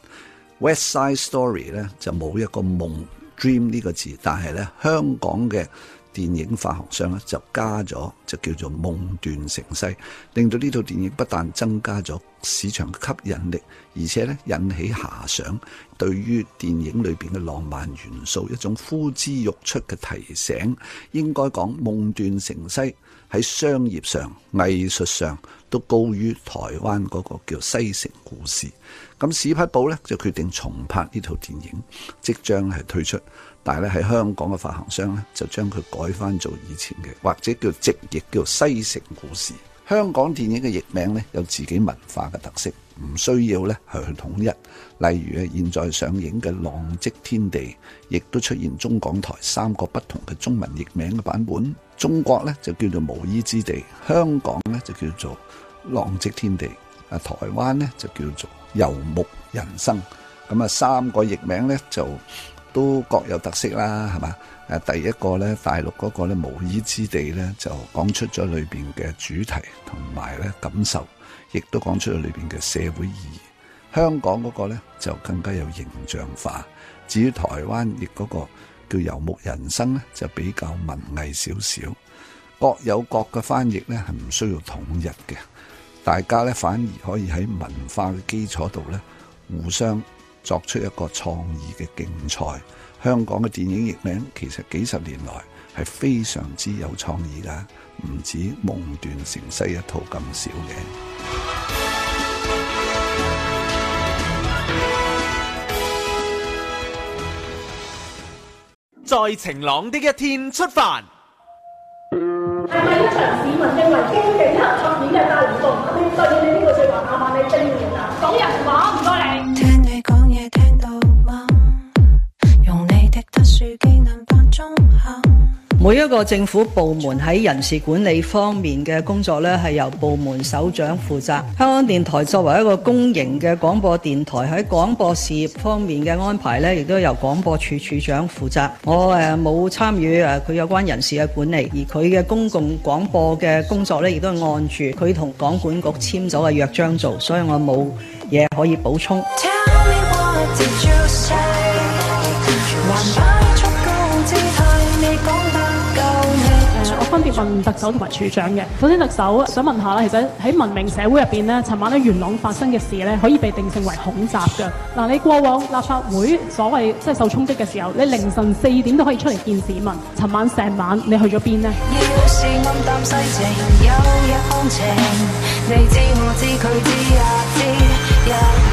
West Side Story 咧就冇一個夢 dream 呢個字，但係咧香港嘅電影發行商咧就加咗，就叫做夢斷城西，令到呢套電影不但增加咗市場嘅吸引力，而且咧引起遐想，對於電影裏面嘅浪漫元素一種呼之欲出嘅提醒。應該講夢斷城西。喺商業上、藝術上都高於台灣嗰個叫《西城故事》，咁史匹堡咧就決定重拍呢套電影，即將係推出。但係咧喺香港嘅發行商咧就將佢改返做以前嘅，或者叫直譯叫《西城故事》。香港電影嘅譯名咧有自己文化嘅特色，唔需要咧係去統一。例如咧，現在上映嘅《浪跡天地》亦都出現中港台三個不同嘅中文譯名嘅版本。中國呢就叫做《無依之地》，香港呢就叫做《浪跡天地》，啊，台灣呢就叫做《遊牧人生》。咁啊，三個譯名呢就都各有特色啦，係嘛？誒，第一個呢大陸嗰個咧《無依之地》呢就講出咗裏邊嘅主題同埋咧感受，亦都講出咗裏邊嘅社會意義。香港嗰個呢就更加有形象化，至於台灣亦嗰、嗰個叫遊牧人生呢就比較文藝少少，各有各嘅翻譯呢係唔需要統一嘅，大家呢，反而可以喺文化嘅基礎度呢，互相作出一個創意嘅競賽。香港嘅電影譯名其實幾十年來係非常之有創意噶，唔止夢斷城西一套咁少嘅。在晴朗的一天出發，係咪一場市民嘅大每一個政府部門喺人事管理方面嘅工作呢，係由部門首長負責。香港電台作為一個公營嘅廣播電台，喺廣播事業方面嘅安排呢，亦都由廣播處處長負責。我誒冇，呃、參與誒佢，呃、有關人事嘅管理，而佢嘅公共廣播嘅工作呢，亦都係按住佢同港管局簽咗嘅約章做，所以我冇嘢可以補充。問特首同埋處長嘅。首先，特首想問下咧，其實喺文明社會入邊咧，尋晚喺元朗發生嘅事咧，可以被定性為恐襲嘅。嗱，你過往立法會所謂即係受衝擊嘅時候，你凌晨四點都可以出嚟見市民。尋晚成晚你去咗邊呢？要是暗淡世情，有一方情。你知，我知，佢知，我知。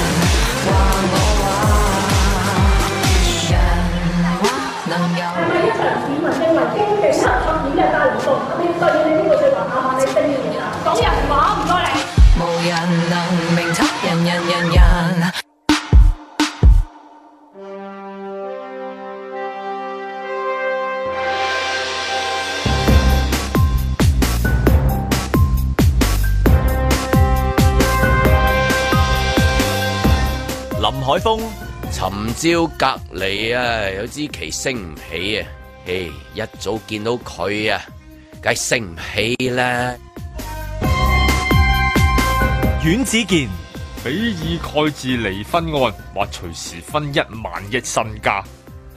海風，尋朝隔籬啊，有支旗升唔起啊！嘿，一早見到佢啊，梗係升唔起啦。阮子健，比爾蓋茨離婚案或隨時分一萬億身家，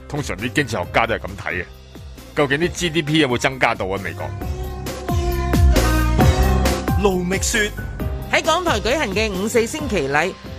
通常啲經濟學家都係咁睇嘅。究竟啲 GDP 有冇增加到啊？美國，盧覓雪喺港台舉行嘅五四升旗禮。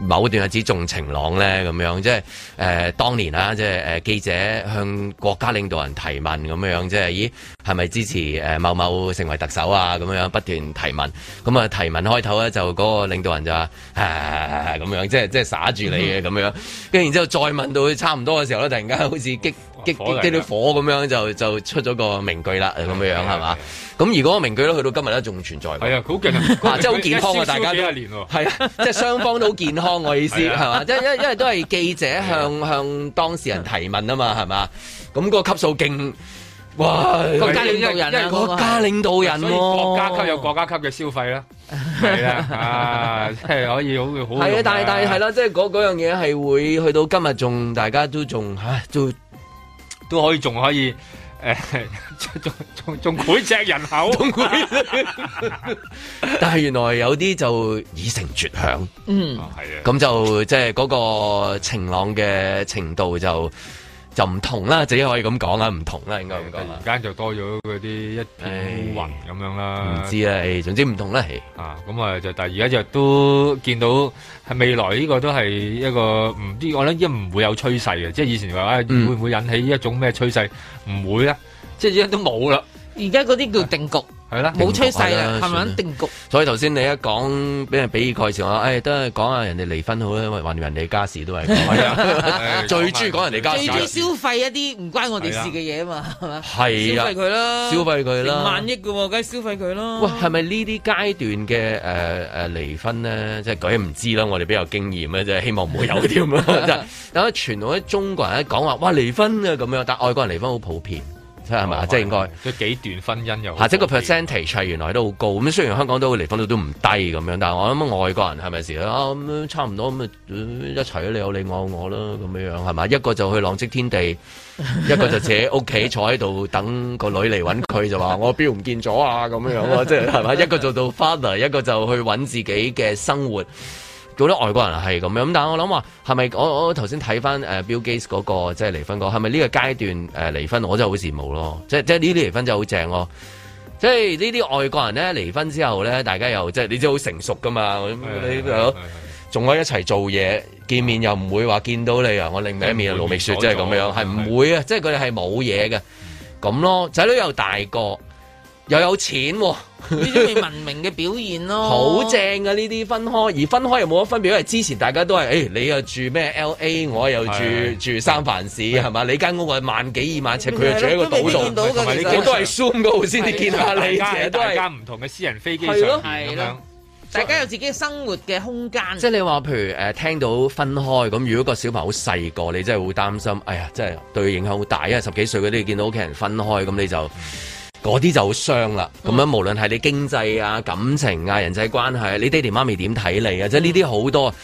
某段日子仲晴朗咧，咁樣，即係，誒、呃、當年啦，即係，誒、呃、記者向國家領導人提問，咁樣，即係咦係咪支持誒某某成為特首啊？咁樣不斷提問，咁啊提問開頭咧就嗰、那個、領導人就話咁樣，即係即係耍住你嘅咁樣，跟住然之後再問到佢差唔多嘅時候咧，突然間好似激激激啲火咁樣就就出咗個名句啦，咁樣樣係嘛？咁而嗰個名句咧，去到今日咧仲存在。係啊，好勁 啊！即係好健康啊！一燒燒年大家啊，即係雙方都好健康。 方我意思係嘛？即係因因為都係記者向、啊、向當事人提問啊嘛，係嘛？咁、那、嗰個級數勁哇！國家領導人啊，國家領導人、啊，國家級有國家級嘅消費啦，係啊，即係、 啊啊、可以好，好係啊，啊！但係但係係咯，即係嗰樣嘢係會去到今日，仲大家都仲吓、啊，都都可以仲可以。誒，仲仲仲仲膾炙人口， 但係原來有啲就已成絕響，嗯，係啊、哦，咁就即係嗰個晴朗嘅程度就。就唔同啦，自己可以咁講啦，唔同啦，應該咁講啦。突然間就多咗嗰啲一片烏雲咁樣啦。唔知咧，唉，總之唔同啦，啊，咁啊，就但而家就都見到喺未來呢個都係一個唔知，我諗一唔會有趨勢嘅，即係以前話唉、啊、會唔會引起一種咩趨勢？唔、嗯、會啊，即係依家都冇啦。而家嗰啲叫定局，啊。係啦，冇趨勢啦，係咪定局。所以頭先你一講俾人比爾蓋茨，我誒都係講下人哋離婚好啦，橫掂人哋家事都係講。係啊，最中意講人哋家事。最中意消費一啲唔關我哋事嘅嘢啊嘛，係咪係啊，消費佢啦，消費佢啦。萬億嘅，梗係消費佢咯。喂，係咪呢啲階段嘅誒誒離婚咧？即係鬼唔知啦，我哋比較經驗咧，即係希望唔會有啲咁啊。但係傳統喺中國人一講話，哇離婚啊咁樣，但外國人離婚好普遍。是哦，即係嘛，即係應該。即幾段婚姻又，或即個 percentage 係原來都好高。咁雖然香港都離婚率都唔低咁樣，但係我諗外國人係咪事咧？差唔多咁啊，嗯，一齊你有你我我啦，咁樣樣係嘛？一個就去浪迹天地， 一個就自己屋企坐喺度等個女嚟搵佢，就話我標唔見咗啊咁樣樣咯，即係係咪？一個做到 father，一個就去搵自己嘅生活。嗰啲外國人係咁樣，咁但係我諗話係咪我我頭先睇翻誒 Bill Gates 嗰個即係離婚嗰，係咪呢個階段誒離婚我真係好羨慕咯，即係即係呢啲離婚真係好正咯，即係呢啲外國人咧離婚之後咧，大家又即係你知好成熟噶嘛，你又仲可以一齊做嘢，見面又唔會話見到你啊，我另一面啊盧美雪即係咁樣，係唔會啊，即係佢哋係冇嘢嘅，咁咯仔女又大個。又有錢喎，呢啲咪文明嘅表現咯。好正㗎呢啲分開，而分開又冇乜分別，因為之前大家都係，誒，你又住咩 L A，我又住住三藩市，係咪？你間屋係萬幾二萬尺，佢又住喺一個島度，唔係你都係 zoom 個，先至見下你。大家都係唔同嘅私人飛機上面咁樣，大家有自己生活嘅空間。即係你話，譬如誒聽到分開咁，如果個小朋友好細個，你真係會擔心。哎呀，真係對佢影響好大，因為十幾歲嗰啲見到屋企人分開，咁你就。嗰啲就好傷啦，咁樣無論係你經濟啊、感情啊、人際關係，你爹哋媽咪點睇你啊？即係呢啲好多，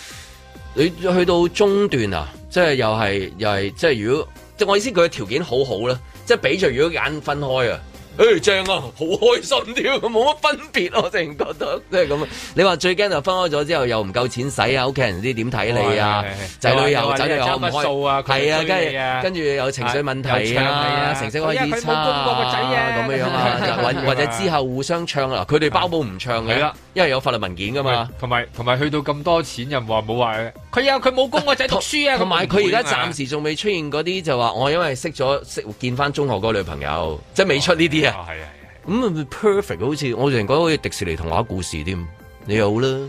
你去到中段啊，即係又係又係，即係如果即係我意思，佢嘅條件好好啦，即係比着如果揀分開啊。誒，正啊，好開心啲，冇乜分別，我淨係覺得即係咁啊！你話最驚就分開咗之後又唔夠錢使啊，屋企人唔知點睇你啊，仔女又走又走唔開數啊，係啊，跟住跟住又情緒問題啊，成績開始差啊，咁嘅樣，或者之後互相唱啊，佢哋包保唔唱噶啦，因為有法律文件噶嘛，同埋同埋去到咁多錢又唔話冇話佢，有佢冇供個仔讀書啊，同埋佢而家暫時仲未出現嗰啲就話我因為識咗識見翻中學個女朋友，即係未出呢啲。Yeah. 哦、啊，係啊，咁啊 perfect，好似我淨係講好似迪士尼童話故事添，你又好啦。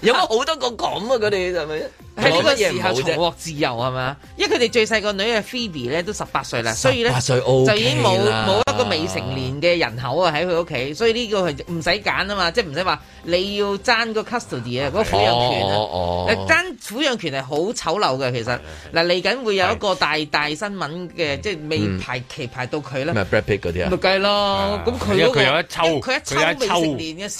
有咁好多個咁啊！佢哋係咪喺呢個時候重獲自由係咪啊？因為佢哋最細個女嘅 Phoebe 咧都十八歲啦，所以咧就已經冇冇一個未成年嘅人口啊喺佢屋企，所以呢個係唔使揀啊嘛，即係唔使話你要爭個 custody 啊，個撫養權啊，爭撫養權係好醜陋嘅。其實嗱嚟緊會有一個大大新聞嘅，即係未排期排到佢啦。咪 Brad Pitt 嗰啲啊？咪計咯，咁佢因為佢一抽，佢一抽未成年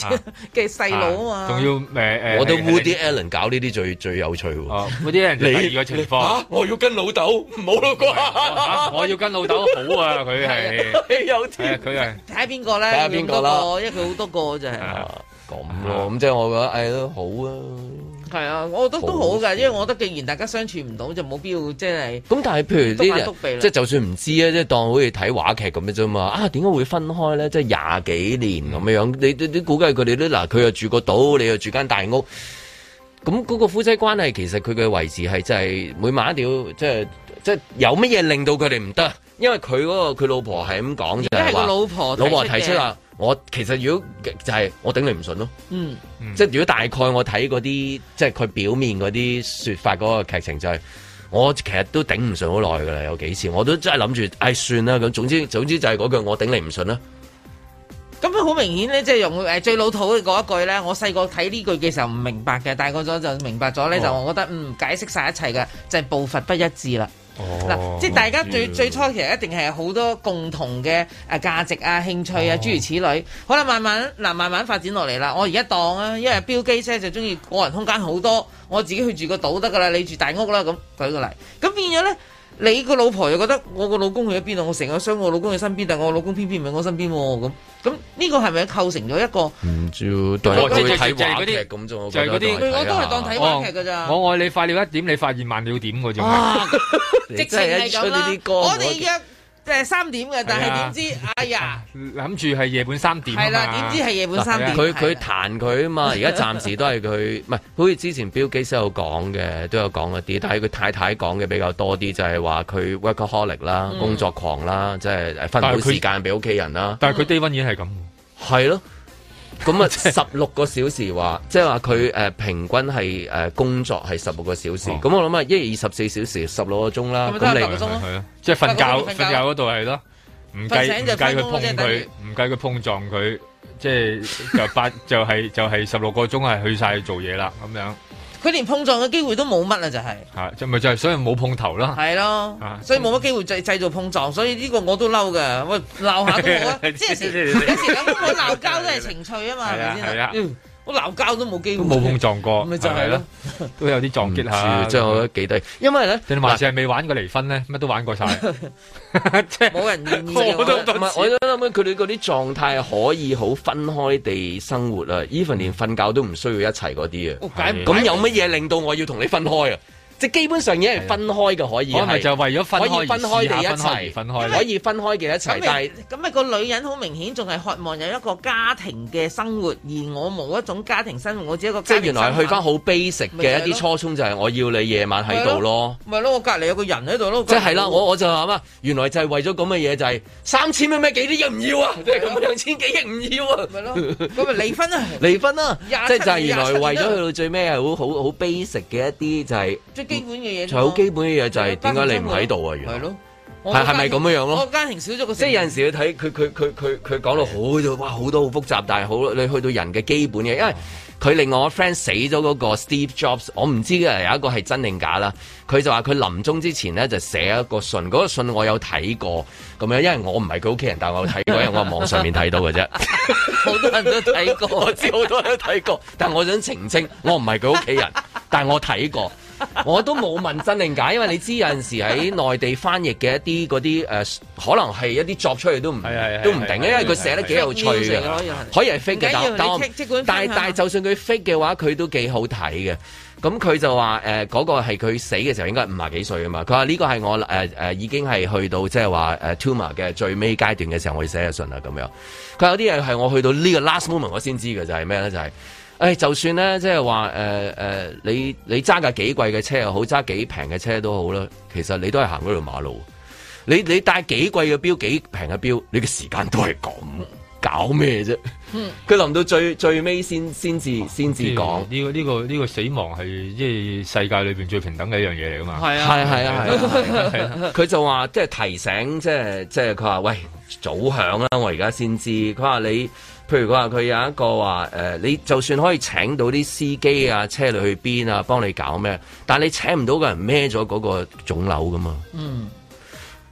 嘅細路。仲要誒誒，我都 Woody Allen 搞呢啲最最有趣喎。Woody Allen 你而家情況，我要跟老豆唔好啦，我要跟老豆好啊，佢係有錢，佢係睇下邊個咧，睇下邊個咯，因為佢好多個，就係咁咯，咁即係我覺得誒都好啊。係啊，我覺得都好噶，好事因為我覺得既然大家相處唔到，就冇必要即係。咁、即係、但係譬如呢啲即係就算唔知啊，即係當好似睇話劇咁樣啫嘛。啊，點解會分開咧？即係廿幾年咁樣樣，你估計佢哋都嗱，佢、啊、又住個島，你又住間大屋。咁嗰個夫妻關係其實佢嘅維持係真係每晚一定要即係即係有乜嘢令到佢哋唔得？因為佢嗰、嗰個佢老婆係咁講就係話老婆老婆提出啦。我其實如果就係我頂你唔順咯，嗯，即係如果大概我睇嗰啲即係佢表面嗰啲說法嗰個劇情就係、是，我其實都頂唔順好耐噶啦，有幾次我都真係諗住唉算啦咁，總之總之就係嗰句我頂你唔順啦。咁樣好明顯咧，即係用誒最老土嘅嗰一句咧，我細個睇呢句嘅時候唔明白嘅，大個咗就明白咗咧，嗯，就我覺得嗯解釋晒一切嘅，就係步伐不一致啦。嗱，哦、即大家最最初其實一定係好多共同嘅誒、啊、價值啊、興趣啊諸如此類，哦、好啦慢慢嗱、啊、慢慢發展落嚟啦。我而家當啊，因為飆機車就中意個人空間好多，我自己去住個島得㗎啦，你住大屋啦咁舉個例，咁變咗呢。你個老婆又覺得我個老公去咗邊度？我成日想我老公喺身邊，但我老公偏偏唔喺我身邊喎。咁咁呢個係咪構成咗一個？唔知喎，都係即係睇話劇咁係嗰啲，我都係當睇話劇㗎咋。我愛你快了一點，你發現慢了點嘅即係一出啲歌我哋約。即係三點嘅，但係點知，哎呀，諗住係夜半三點，係啦，點知係夜半三點。佢佢彈佢啊嘛，而家暫時都係佢，唔係，好似之前 Bill Gates 都有講嘅，都有講一啲，但係佢太太講嘅比較多啲，就係話佢 workaholic 啦，工作狂啦，即係分少時間俾屋企人啦。但係佢低溫已經係咁。係咯。咁啊，十六個小時話，即係話佢平均係、呃、工作係十六個小時。咁、哦、我諗啊，一日二十四小時，十六個鐘啦。咁你係、啊、咯，即係瞓覺瞓覺嗰度係咯，唔計佢碰佢，唔計佢碰撞佢，即係就八就係、是、就係十六個鐘係去晒做嘢啦，咁樣。佢連碰撞嘅機會都冇乜啦，就係、係，就咪就係，所以冇碰頭咯，係咯，所以冇乜機會製製造碰撞，所以呢個我都嬲噶，喂，鬧下都好，即係有時有時咁，我鬧交都係情趣啊嘛，係咪先 吧？ 我鬧交都冇機會，都冇碰撞過，咪就係咯，都有啲撞擊下，真係我覺得幾低。因為咧，你話事係未玩過離婚咧，乜都玩過晒，即係冇人願意。我都諗佢哋嗰啲狀態可以好分開地生活啊！Even 連瞓覺都唔需要一齊嗰啲啊！咁有乜嘢令到我要同你分開啊？即基本上已經係分開嘅，可以係可以分開嘅一齊，可以分開嘅一齊。但係咁啊，個女人好明顯仲係渴望有一個家庭嘅生活，而我冇一種家庭生活，我只係一個。即係原來去翻好 basic 嘅一啲初衷，就係我要你夜晚喺度咯。咪咯，我隔離有個人喺度咯。即係係啦，我我就話啊，原來就係為咗咁嘅嘢，就係三千蚊咩幾啲要唔要啊？即係咁兩千幾億唔要啊？咪咯，咁咪離婚啊？離婚啦，即係就係原來為咗去到最尾係好好好 basic 嘅一啲就係。基本嘅嘢，好基本嘅嘢就係點解你唔喺度啊？原來係咯，係係咪咁樣樣咯？我家庭少咗個，即係有陣時候你睇佢佢佢佢佢講到好多哇，好多好複雜，但係好你去到人嘅基本嘅，因為佢令我 friend 死咗嗰個 Steve Jobs，我唔知啊有一個係真定假啦。佢就話佢臨終之前咧就寫一個信，嗰個信我有睇過咁樣，因為我唔係佢屋企人，但係我睇過，因為我喺網上面睇到嘅啫。好 多人都睇過， 我知好多人都睇過， 但我想澄清，我唔係佢屋企人，但我睇過。 我都冇問真定假，因為你知有陣時喺內地翻譯嘅一啲嗰啲可能係一啲作出嚟都唔 都唔定，因為佢寫得幾有趣。 可以係 fake，但但 但係但就算佢 fake 嘅話，佢都幾好睇嘅。咁佢就話誒，嗰個係佢死嘅時候應該五十幾歲啊嘛。佢話呢個係我誒、呃、已經係去到即係話、呃、tumor 嘅最尾階段嘅時候，我寫嘅信啦咁樣。佢有啲嘢係我去到呢個 last moment 我先知嘅就係咩咧？就係、係。就係誒、哎，就算咧，即係話誒誒，你你揸架幾貴嘅車又好，揸幾平嘅車都好啦，其實你都係行嗰條馬路。你你帶幾貴嘅錶，幾平嘅錶，你嘅時間都係咁，搞咩啫？佢臨、嗯、到最最尾先先至先至講呢個呢、這個呢、這個死亡係即係世界裏邊最平等嘅一樣嘢嚟噶嘛？係啊係 啊係。佢、啊啊啊啊、 就話即係提醒，即係即係佢話喂，早響啦，我而家先知。佢話你。譬如佢話佢有一個話誒、呃，你就算可以請到啲司機啊，車你去邊啊，幫你搞咩？但你請唔到個人孭咗嗰個腫瘤噶嘛？嗯，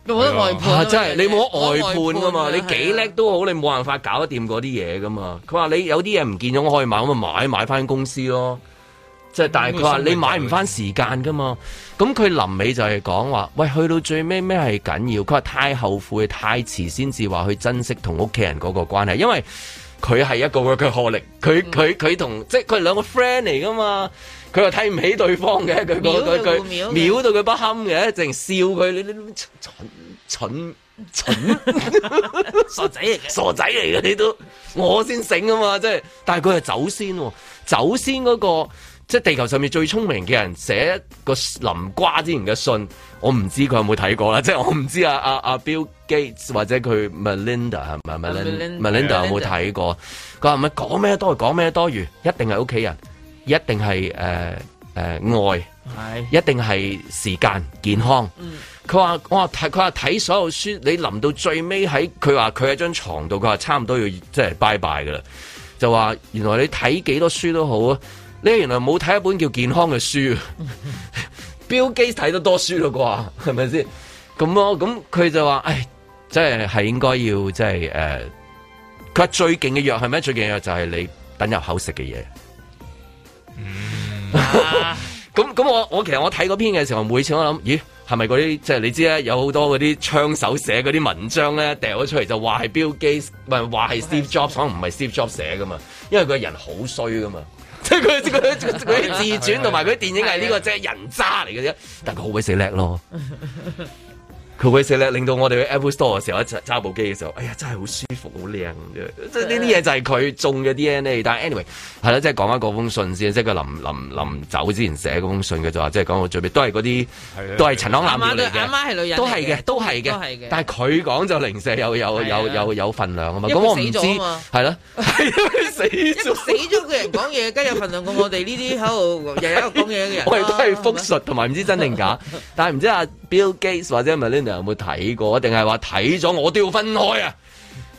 冇得外判真係你冇得外判噶、啊啊、嘛？冇得外判嘛，你幾叻都好，啊、你冇辦法搞得掂嗰啲嘢噶嘛？佢話你有啲嘢唔見咗，我可以買，咁咪買買翻公司咯。即係但係佢話你買唔翻時間噶嘛？咁佢臨尾就係講話喂，去到最尾咩係緊要？佢話太後悔、太遲先至話去珍惜同屋企人嗰個關係，因為。佢係一個，佢學歷，佢佢佢同即係佢兩個 friend 嚟噶嘛？佢又睇唔起對方嘅，佢佢佢秒到佢不堪嘅，淨係笑佢你你你蠢蠢蠢 傻仔嚟嘅，傻仔嚟嘅你都我先醒啊嘛，即係，但係佢係走先，走先嗰個。即係地球上面最聰明嘅人寫一個臨瓜之前嘅信，我唔知佢有冇睇過啦。即係我唔知阿阿阿 Bill Gates 或者佢 Melinda 係咪、啊、Melinda、Melinda、Melinda 有冇睇過？佢話唔係講咩多餘，講咩多餘，一定係屋企人，一定係誒誒愛，是一定係時間健康。佢話我話睇，佢話睇所有書。你臨到最尾喺佢話佢喺張床度，佢話差唔多要即係、就是、拜拜㗎啦。就話原來你睇幾多書都好啊。你原來冇睇一本叫健康嘅書，Bill Gates 睇得 多書啦啩，係咪先？咁咯，咁佢就話，誒，即係係應該要即係誒，佢話、呃、最勁嘅藥係咩？最勁嘅藥就係你等入口食嘅嘢。咁咁、嗯、 我我其實我睇嗰篇嘅時候，每次我諗，咦，係咪嗰啲即係你知咧？有好多嗰啲槍手寫嗰啲文章咧，掉咗出嚟就話係 Bill Gates，唔係話係 Steve Jobs，可能唔係 Steve Jobs 寫噶嘛，因為佢人好衰噶嘛。即係佢、佢、佢啲自傳同埋佢啲電影係呢個，即係人渣嚟嘅啫，但佢好鬼死叻咯。佢寫咧，令到我哋去 Apple Store 嘅時候，一揸部機嘅時候，哎呀，真係好舒服，好靚，即係呢啲嘢就係佢種嘅 DNA。但係 anyway，係啦，即係講翻嗰封信先，即係佢臨臨臨走之前寫嗰封信嘅，就話即係講到最尾都係嗰啲，都係陳腔濫調。阿媽係女人，都係嘅，都係嘅，但係佢講就零舍又有有有有份量啊嘛。咁我唔知係咯，係啊，死咗，死咗嘅人講嘢，梗有份量過我哋呢啲喺度日日喺度講嘢嘅人。我哋都係複述同埋唔知真定假，但係唔知阿。Bill Gates 或者 Melinda 有冇睇過？定係話睇咗，我都要分開啊！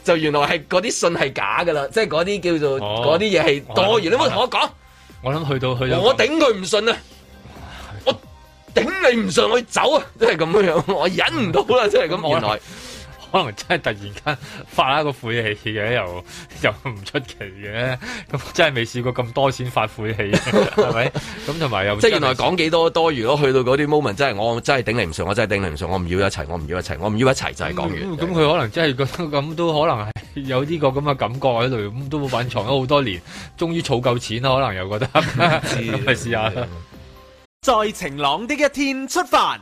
就原來係嗰啲信係假噶啦，即係嗰啲叫做嗰啲嘢係多餘。你冇同我講，我諗去到去到，我頂佢唔信啊！我頂你唔信，我走啊！即係咁樣，我忍唔到啦！即係咁，我原來。可能真係突然間發一個晦氣嘅，又又唔出奇嘅。咁真係未試過咁多錢發晦氣，係咪？ 咁同埋又出即係原來講幾多多餘囉。 去到嗰啲 moment，真係我真係頂你唔順，我真係頂你唔順，我唔要一齊，我唔要一齊，我唔要一齊就係、是、講完。咁佢、嗯嗯、是 可能真係覺得咁都可能有呢個咁嘅感覺喺度，咁 都隱藏咗好多年，終於儲夠錢可能又覺得咁咪試下 再晴朗啲一,一天出發。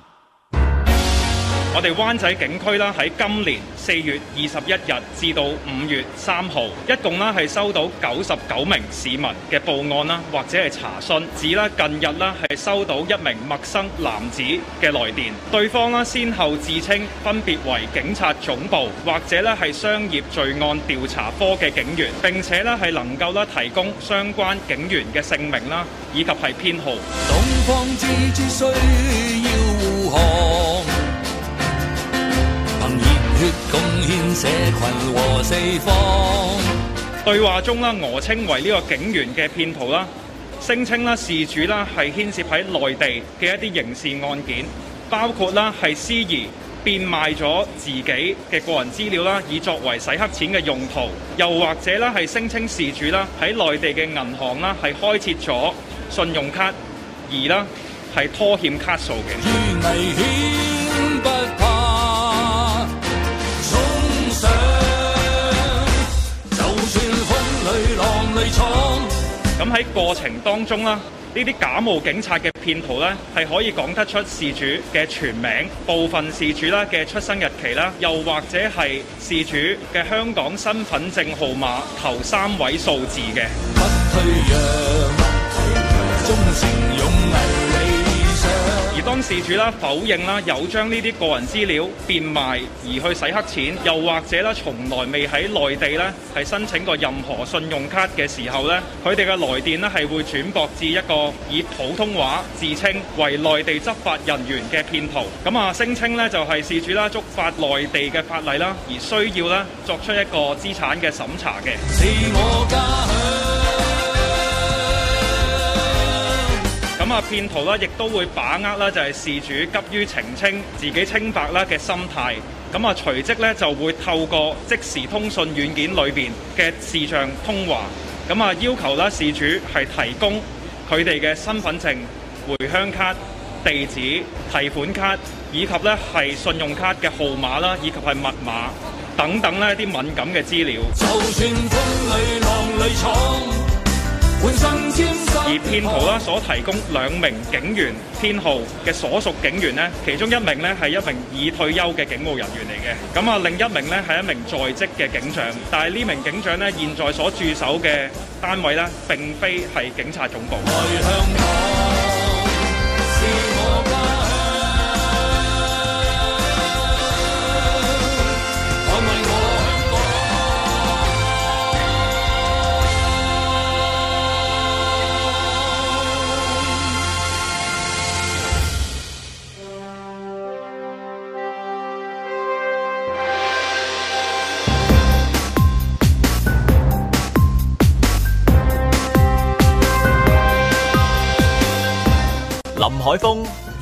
我哋灣仔警區啦，喺今年四月二十一日至到五月三號，一共啦係收到九十九名市民嘅報案啦，或者係查詢。指啦近日啦係收到一名陌生男子嘅來電，對方先後自稱分別為警察總部或者咧係商業罪案調查科嘅警員，並且咧係能夠提供相關警員嘅姓名啦以及係編號。東方之珠貢獻社群和四方對話中啦，俄稱為呢個警員嘅騙徒啦，聲稱啦事主啦係牽涉喺內地嘅一啲刑事案件，包括啦係私而變賣咗自己嘅個人資料啦，以作為洗黑錢嘅用途，又或者啦係聲稱事主啦喺內地嘅銀行啦係開設咗信用卡而啦係拖欠卡數嘅。咁喺過程當中啦，呢啲假冒警察嘅騙徒呢，係可以講得出事主嘅全名、部分事主啦嘅出生日期啦，又或者係事主嘅香港身份證號碼頭三位數字嘅。當事主啦否認啦有將呢啲個人資料變賣而去洗黑錢，又或者咧從來未喺內地咧係申請過任何信用卡嘅時候咧，佢哋嘅來電咧係會轉駁至一個以普通話自稱為內地執法人員嘅騙徒，咁啊聲稱咧就係事主啦觸犯內地嘅法例啦，而需要咧作出一個資產嘅審查嘅。咁啊，騙徒咧亦都會把握啦，就係事主急於澄清自己清白啦嘅心態。咁啊，隨即咧就會透過即時通訊軟件裏邊嘅視像通話，咁啊要求咧事主係提供佢哋嘅身份證、回鄉卡、地址、提款卡以及咧係信用卡嘅號碼啦，以及係密碼等等呢啲敏感嘅資料。就算風裡浪裡闖而騙徒啦，所提供兩名警員編號嘅所屬警員呢，其中一名呢係一名已退休嘅警務人員嚟嘅，咁啊另一名呢係一名在職嘅警長，但係呢名警長呢，現在所駐守嘅單位呢，並非係警察總部。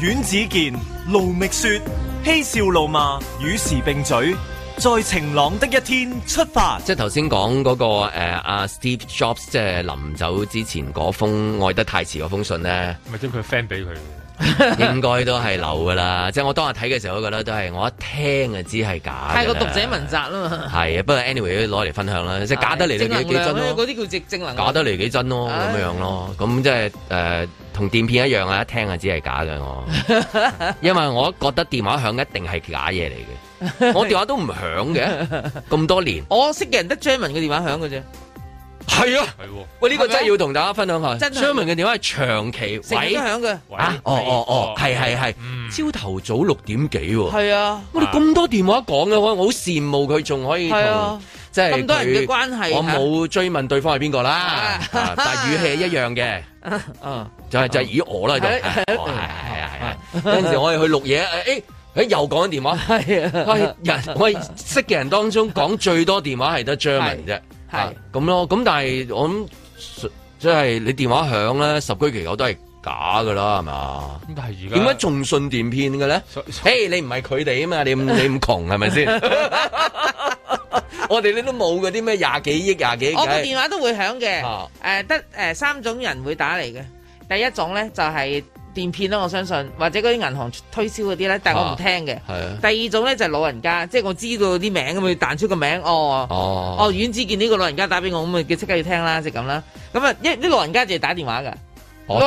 阮子健、盧覓雪、嬉笑怒罵與時並嘴。在晴朗的一天出發。即係頭先講嗰個誒阿、uh, Steve Jobs，即係臨走之前嗰封愛得太遲嗰封信呢，咪 將佢 friend 俾佢，應該都係流噶啦。即係我當日睇嘅時候，我覺得都係我一聽就知係假的。係個讀者文摘啊嘛。係啊，不過 anyway 都攞嚟分享啦。 即係假得嚟幾正能幾真咯，叫正能假得嚟幾真咯，咁樣、哎、樣咯。咁即係誒。Uh, 同電片一樣啊！一聽啊，只係假嘅我，因為我覺得電話響一定係假嘢嚟嘅，我電話都唔響嘅咁多年， 我識嘅人得 Jasmine 嘅電話響嘅啫。係啊，喂，呢個真係要同大家分享下。Jeremy 嘅電話係長期響嘅。啊，哦哦哦，係係係，朝頭早六點幾。係啊，我哋咁多電話講嘅，我好羨慕佢仲可以同即係。咁多人嘅關係，我冇追問對方係邊個啦，但語氣一樣嘅，就係就係以我啦喺度。係係係係，陣時我哋去錄嘢，誒誒又講電話。係，我係人，我係識嘅人當中講最多電話係得 Jeremy 啫。係咁咯，咁但係我諗，即係你電話響咧，十居其九都係假噶啦，係嘛？點解係而家點解仲信電騙嘅咧？嘿，你唔係佢哋啊嘛？你你咁窮係咪先？我哋你都冇嗰啲咩廿幾億廿幾億，我個電話都會響嘅。誒，得誒三種人會打嚟嘅。第一種咧就係。電片啦，我相信或者嗰啲銀行推銷嗰啲咧，但係我唔聽嘅。第二種咧就係老人家，即係我知道啲名咁佢彈出個名哦，哦，哦，阮子健呢個老人家打俾我，咁啊，佢即刻要聽啦，即係咁啦。咁啊，一啲老人家就係打電話㗎。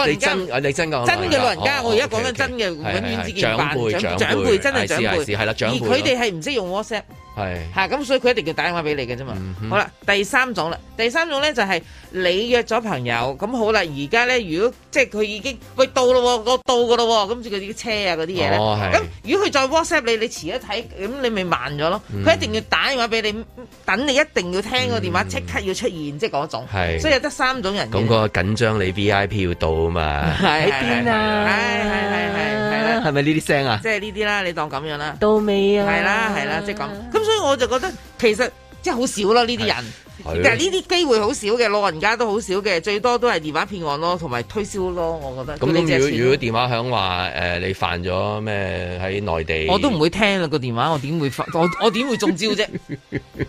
你真，你真嘅，真嘅老人家，我而家講緊真嘅。阮子健長輩長輩真係長輩，而佢哋係唔識用 WhatsApp。係吓咁，是所以佢一定要打電話俾你嘅啫嘛。嗯、哼好啦，第三種啦，第三種咧就係、是、你約咗朋友，咁好啦。而家咧，如果即係佢已經喂到咯、哦，我到噶咯、哦，咁即係啲車啊嗰啲嘢咧。咁、哦、如果佢再 WhatsApp 你，你遲一睇，咁你咪慢咗咯。佢、嗯、一定要打電話俾你，等你一定要聽個電話，即刻要出現，即係嗰種。係是。所以有得三種人。咁個緊張，你 VIP 要到啊嘛。喺邊啊？係係係係。係咪呢啲聲啊？即係呢啲啦，你當咁樣啦，到尾啊，係啦係啦，即係咁。咁、就是、啦所以我就覺得，其實即係好少咯呢啲人，啊、但係呢啲機會好少嘅，老人家都好少嘅，最多都係電話騙案咯，同埋推銷咯，我覺得。咁麼你如果如果電話響話，誒、呃，你犯咗咩喺內地？我都唔會聽啦個電話，我點會犯？我我點會中招啫？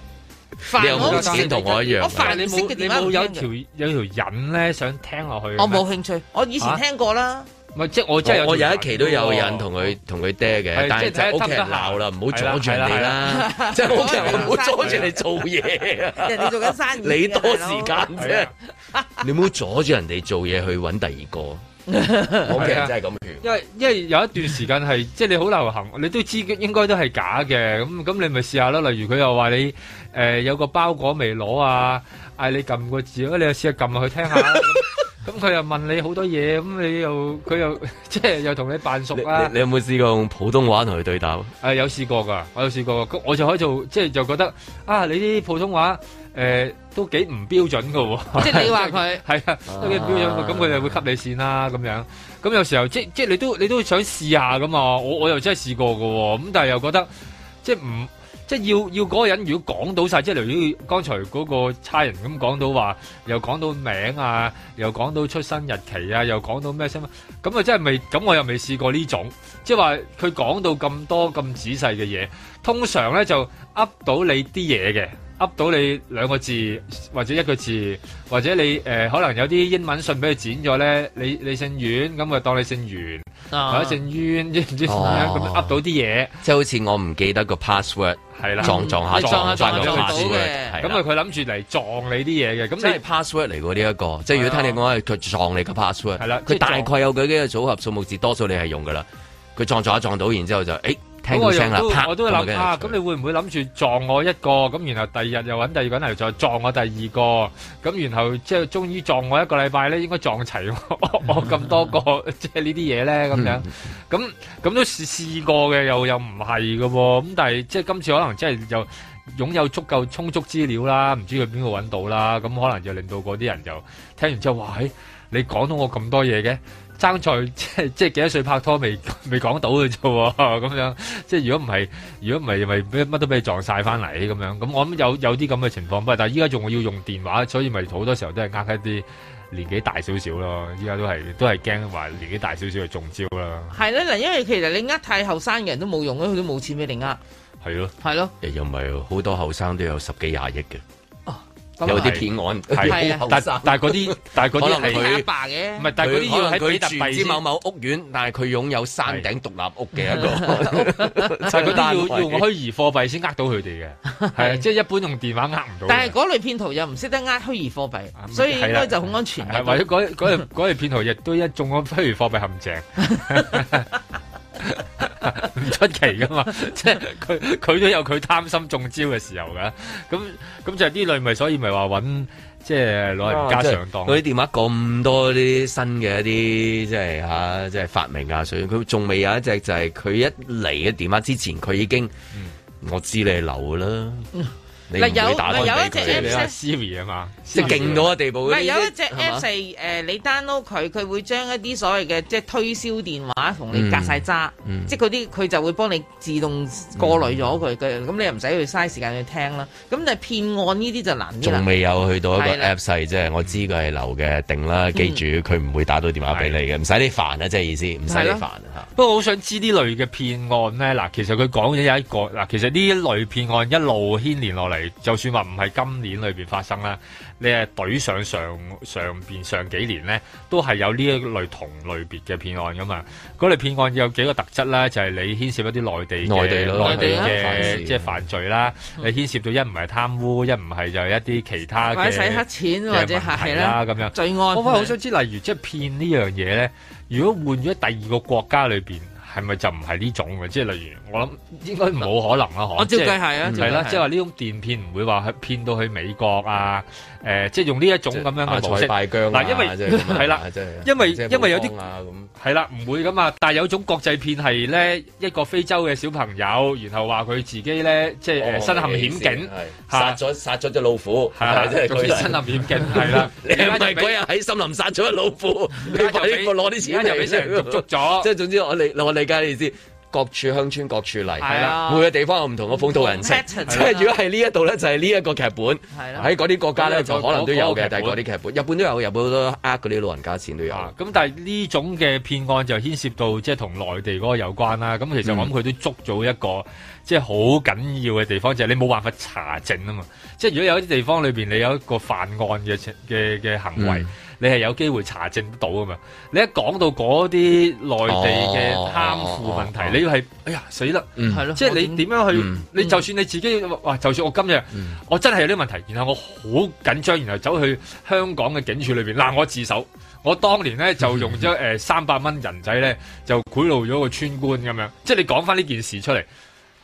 犯 你又唔同我一樣，我犯你冇有條有條癮咧，想聽落去？我冇興趣，我以前聽過啦。啊唔係，即係我真係我有一期都有人同佢同佢爹嘅，但係屋企人鬧啦，唔好阻住你啦。即係屋企人，我唔好阻住你做嘢。人哋做緊生意，你多時間啫。你唔好阻住人哋做嘢去揾第二個。屋企人真係咁勸。因為因為有一段時間係即係你好流行，你都知應該都係假嘅。咁咁你咪試下咯。例如佢又話你誒有個包裹未攞啊，嗌你撳個字，你又試下撳落去聽下。咁佢又問你好多嘢，咁你又佢又即係、就是、又同你扮熟啦、啊。你有冇試過用普通話同佢對答、啊？有試過噶，我有試過。我就可以做即係、就是、就覺得啊，你啲普通話誒都幾唔標準噶喎。即係你話佢係啊，都幾標準喎、啊。咁佢哋會吸你線啦、啊、咁樣。咁有時候即即係你都你都想試下㗎嘛。我我又真係試過噶、啊，咁但係又覺得即係唔。就是即要要嗰個人，如果講到晒，即係例如剛才嗰個差人咁講到話，又講到名啊，又講到出生日期啊，又講到咩先嘛？咁啊，真係未咁，我又未試過呢種，即係話佢講到咁多咁仔細嘅嘢，通常咧就噏到你啲嘢嘅。噏到你兩個字或者一個字，或者你誒、呃、可能有啲英文信俾佢剪咗咧，你你姓阮，咁就當你姓袁，uh. 或者姓於，噏、uh. 到啲嘢。即係好似我唔記得個 password，係啦，撞撞下撞翻到 password 咁啊的，佢諗住嚟撞你啲嘢嘅。咁你係 password 嚟喎呢一、這個。即係如果聽你講係佢的撞你嘅 password 的。係啦，佢大概有幾多組合數目字，多數你係用㗎啦。佢撞撞一撞到，然之後就誒。欸咁我又都我都諗下，咁你會唔會諗住撞我一個？咁然後第二日又揾第二個人嚟再撞我第二個？咁然後即係終於撞我一個禮拜咧，應該撞齊我我咁多個即係呢啲嘢咧咁樣。咁咁都試試過嘅，又又唔係㗎喎。咁但係即係今次可能即係又擁有足夠充足資料啦，唔知佢邊個揾到啦。咁可能就令到嗰啲人就聽完之後話，唉，你講到我咁多嘢嘅。生菜即係即係幾多歲拍拖未未講到嘅啫喎，咁樣即係如果唔係如果唔係咪乜都俾你撞晒翻嚟咁樣。咁我諗有有啲咁嘅情況，不過但係依家仲要用電話，所以咪好多時候都係呃一啲年紀大少少咯。依家都係都係驚話年紀大少少就中招啦。係啦，嗱，因為其實你呃太後生嘅人都冇用咯，佢都冇錢俾你呃。係咯，係咯，又唔係好多後生都有十幾廿億嘅。有啲騙案，但係但係嗰啲，但係嗰啲係嘅，唔係，但係嗰啲要喺佢住某某屋苑，但係佢擁有山頂獨立屋嘅一個，就係嗰啲要用虛擬貨幣先呃到佢哋嘅，即係一般用電話呃唔到。但係嗰類騙徒又唔識得呃虛擬貨幣，所以應該就好安全。或者嗰嗰類嗰類騙徒亦都一中咗虛擬貨幣陷阱。唔 出奇噶嘛，即係佢佢都有佢貪心中招嘅時候噶，咁咁就係呢類咪所以咪話搵即係攞人家上當。嗰啲、啊、電話咁多啲新嘅一啲，即係吓、啊，即係發明啊！所以佢仲未有一隻就係、是、佢一嚟嘅電話之前，佢已經、嗯、我知你係流噶啦。 嗱有，有一隻 Apps Siri 啊嘛，即係勁到嘅地步。唔係有一隻 Apps 係你 download 佢，佢會將一啲所謂嘅即係推銷電話同你隔晒渣，即係嗰啲佢就會幫你自動過濾咗佢嘅，咁你又唔使去嘥時間去聽啦。咁但係騙案呢啲就難啲。仲未有去到一個 Apps 即係我知佢係流嘅定啦，記住佢唔會打到電話俾你嘅，唔使你煩啊！即係意思，唔使你煩嚇。不過好想知呢類嘅騙案咧，嗱，其實佢講咗有一個，嗱，其實呢一類騙案一路牽連落嚟，就算話唔係今年裏邊發生啦，你係懟上上上邊上，上幾年咧，都係有呢一類同類別嘅騙案噶嘛。嗰類騙案有幾個特質啦，就係你牽涉一啲內地嘅內地嘅即係犯罪啦，嗯、你牽涉到一唔係貪污，一唔係就係一啲其他或者洗黑錢或者係啦咁樣罪案。我好想知，例如即係騙呢樣嘢咧。如果換咗第二個國家裏面，係咪就唔係呢種嘅？即、就、係、是、例如，我諗應該冇可能啦，可、嗯？就是、我照計係啊，唔係啦，即係話呢種電騙唔會話去騙到去美國啊？即、呃、係、就是、用呢一種咁樣嘅模式嗱，因為係啦，因為因為有啲。 係啦，唔會咁啊！但係有種國際片係咧，一個非洲嘅小朋友，然後話佢自己咧，即係誒、呃、身陷險境，哦、殺咗殺咗隻老虎，即係佢身陷險境。係啦了，你係咪嗰日喺森林殺咗隻老虎，你個依個攞啲錢，依家就俾人捉咗。即係 總之，我理我理解你意思。各處鄉村各處嚟，係啦、啊。每個地方有唔同嘅風土人情，即係如果喺呢一度咧，就係、是、呢一個劇本。啦、啊，喺嗰啲國家咧，啊、就可能都有嘅。那個那個、但係嗰啲劇本，日本都有，日本好多呃嗰啲老人家錢都有。咁、啊、但係呢種嘅騙案就牽涉到即係同內地嗰個有關啦。咁其實我諗佢都捉咗一個、嗯、即係好緊要嘅地方，就係、是、你冇辦法查證啊嘛。即係如果有啲地方裏面你有一個犯案嘅嘅嘅行為。嗯你係有機會查證到啊嘛！你一講到嗰啲內地嘅貪腐問題，哦哦哦、你要係哎呀死啦，係咯！嗯、即係你點樣去？嗯、你就算你自己，嗯、哇、就算我今日、嗯、我真係有啲問題，然後我好緊張，然後走去香港嘅警署裏面嗱，我自首，我當年咧就用咗誒三百蚊人仔咧就賄賂咗個村官咁樣，即係你講翻呢件事出嚟。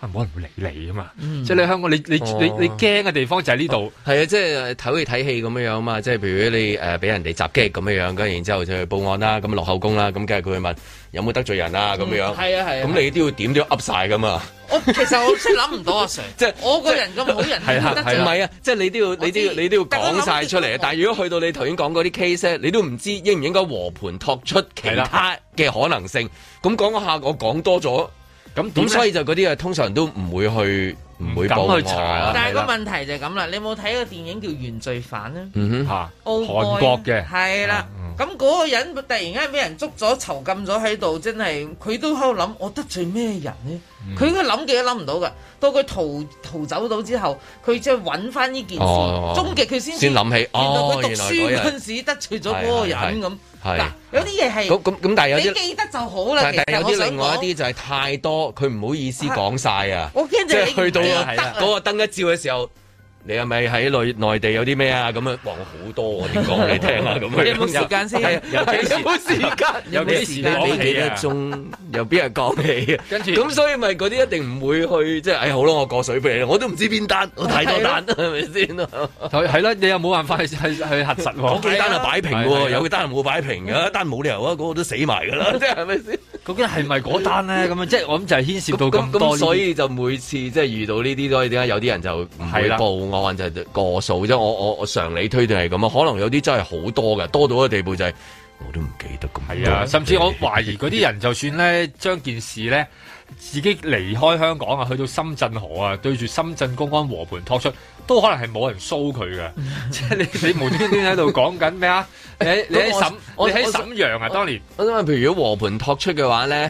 冇人會理你啊嘛！即係你香港，你你你你驚嘅地方就喺呢度。係啊，即係睇戲睇戲咁樣啊嘛！即係譬如你誒俾人哋襲擊咁樣，跟然之後就去報案啦，咁落口供啦，咁跟住佢會問有冇得罪人啊咁樣。係啊係。咁你都要點都要噏曬㗎嘛！我其實我先諗唔到啊，Sir。即係我個人咁好人係啊係唔係啊？即係你都要你都要你都要講晒出嚟。但係如果去到你頭先講嗰啲 case，你都唔知應唔應該和盤托出其他嘅可能性。咁講下我講多咗。咁咁所以就嗰啲啊，通常都唔會去唔會去查，但係個問題就係咁啦。你有冇睇個電影叫《原罪犯》咧？嗯哼，吓，韓國嘅係啦。咁嗰個人突然間俾人捉咗囚禁咗喺度，真係佢都喺度諗，我得罪咩人呢？佢嘅諗極都諗唔到噶。到佢逃逃走到之後，佢即係揾翻呢件事，終極佢先先諗起，原來佢讀書嗰陣時得罪咗嗰個人咁。係，有啲嘢係，咁咁咁，但係有啲記得就好啦。其實我想講，有啲另外一啲就係太多，佢唔好意思講晒啊，啊。我驚就即係去到嗰，啊啊嗰個燈一照嘅時候。你係咪喺內內地有啲咩啊？咁樣旺好多喎，點講你聽啊？咁你有冇時間先？有幾多時間？有幾時你你一送又俾人講起？跟住咁，所以咪嗰啲一定唔會去，即係哎好咯，我過水俾你，我都唔知邊單，我太多單啦，係咪先？係係啦，你又冇辦法去核實喎，嗰幾單係擺平喎，有啲單係冇擺平嘅，單冇理由啊，嗰個都死埋㗎啦，即係係咪先？究竟係咪嗰單咧？咁樣即係我咁就係牽涉到咁多，所以就每次即係遇到呢啲，所以點解有啲人就唔會報？案就係個數啫，我我我常理推定係咁啊，可能有啲真係好多嘅，多到個地步就係、係、我都唔記得咁多。係啊，甚至我懷疑嗰啲人 就算咧，將件事咧自己離開香港啊，去到深圳河啊，對住深圳公安和盤托出，都可能係冇人蘇佢嘅。 即係你你無端端喺度講緊咩啊？你在我你喺沈，我哋喺沈陽啊，當年，我想問，譬如如果和盤托出嘅話咧？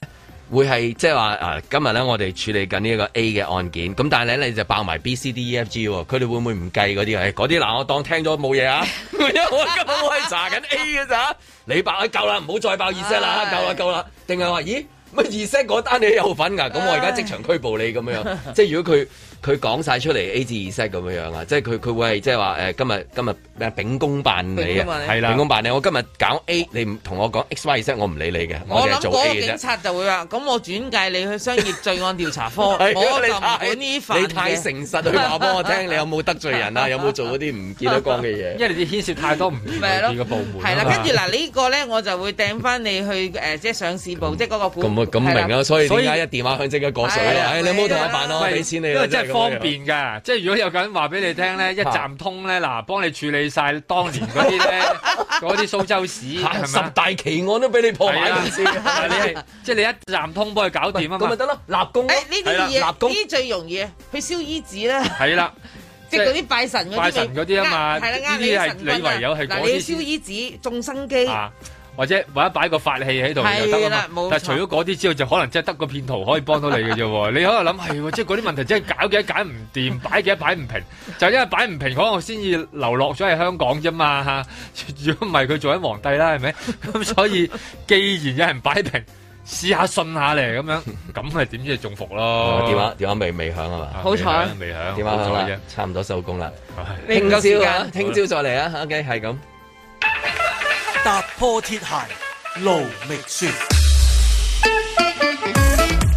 會係即係話啊，今日咧我哋處理緊呢一個 A 嘅案件，咁但係咧你就爆埋 B、C、D、E、F、G，佢哋會唔會唔計嗰啲啊？嗰啲嗱，哎、我當聽咗冇嘢啊， 因為我根本我係查緊 A 嘅咋，你爆啊夠啦，唔好再爆二 set 啦，夠啦夠啦，定係話咦乜二 set 嗰單你有份噶、啊？咁我而家即場拘捕你咁樣，即係如果佢。佢講晒出嚟 A 至 Z 咁樣樣啊，即係佢佢會係即係話誒，今日今日秉公辦理啊，係啦，秉公辦理。我今日搞 A，你唔同我講 X Y Z 我唔理你嘅。我諗嗰警察就會話，咁我轉介你去商業罪案調查科。我唔管呢啲犯嘅。你太誠實啦，講俾我聽，你有冇得罪人啊？有冇做嗰啲唔見得光嘅嘢？因為你啲牽涉太多唔係咯，唔同嘅部門。係啦，跟住嗱呢個咧，我就會掟翻你去誒，即係上市部，即係嗰個股。咁啊咁明啦，所以點解一電話響即刻過水咧？你唔好同我辦咯，俾錢你。方便噶，即係如果有個人話俾你聽咧，一站通咧，嗱，幫你處理晒當年嗰啲咧，嗰啲蘇州市十大奇案都俾你破埋先，即係你一站通幫佢搞掂啊嘛，咁咪得咯，立功呢啲嘢，呢啲最容易，去燒衣紙咧，係啦，即係嗰啲拜神嗰啲啊嘛，呢啲係你唯有係嗰啲燒衣紙，種生基。或者或者擺個法器喺度又得啊嘛，但係除咗嗰啲之外，就可能真係得個騙徒可以幫到你嘅啫喎。你可能諗係即係嗰啲問題，即係搞幾多搞唔掂，擺幾多擺唔平，就因為擺唔平，可能我先至流落咗喺香港啫嘛。吓，如果唔係佢做緊皇帝啦，係咪？咁所以既然有人擺平，試下信下咧，咁樣咁係點知係中伏咯？電話電話未未響啊嘛？好彩未響，電話響啦，差唔多收工啦。聽個時間，聽朝再嚟啊。OK，係咁。踏破鐵鞋，盧覓雪。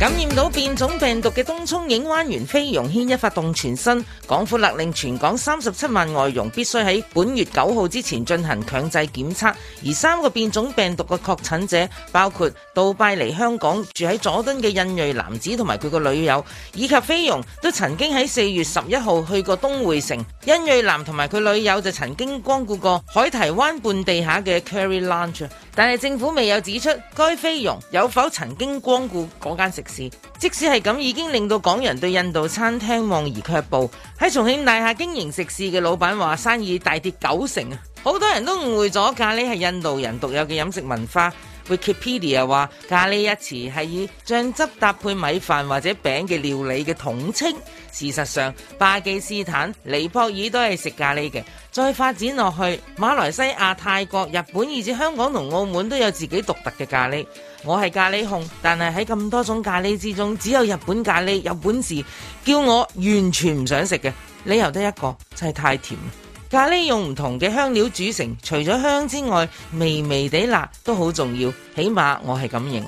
感染到變種病毒嘅東涌影灣園菲傭牽一髮動全身，港府勒令全港三十七萬外傭必須喺本月九號之前進行強制檢測。而三個變種病毒嘅確診者，包括杜拜嚟香港住喺佐敦嘅印裔男子同埋佢個女友，以及菲傭，都曾經喺四月十一號去過東匯城。印裔男同埋佢女友就曾經光顧過海堤灣半地下嘅 Curry Lounge，但係政府未有指出該菲傭有否曾經光顧嗰間食。即使係咁，已經令到港人對印度餐廳望而卻步。喺重慶大廈經營食肆嘅老闆話，生意大跌九成啊！好多人都誤會咗咖喱係印度人獨有嘅飲食文化。Wikipedia 話咖喱一詞係以醬汁搭配米飯或者餅嘅料理嘅統稱。事實上，巴基斯坦、尼泊爾都係食咖喱嘅。再發展落去，馬來西亞、泰國、日本以至香港同澳門都有自己獨特嘅咖喱。我係咖喱控，但係喺咁多種咖喱之中，只有日本咖喱有本事叫我完全唔想食嘅，理由得一個，真係太甜。咖喱用唔同嘅香料煮成，除咗香之外，微微地辣都好重要，起碼我係咁認為。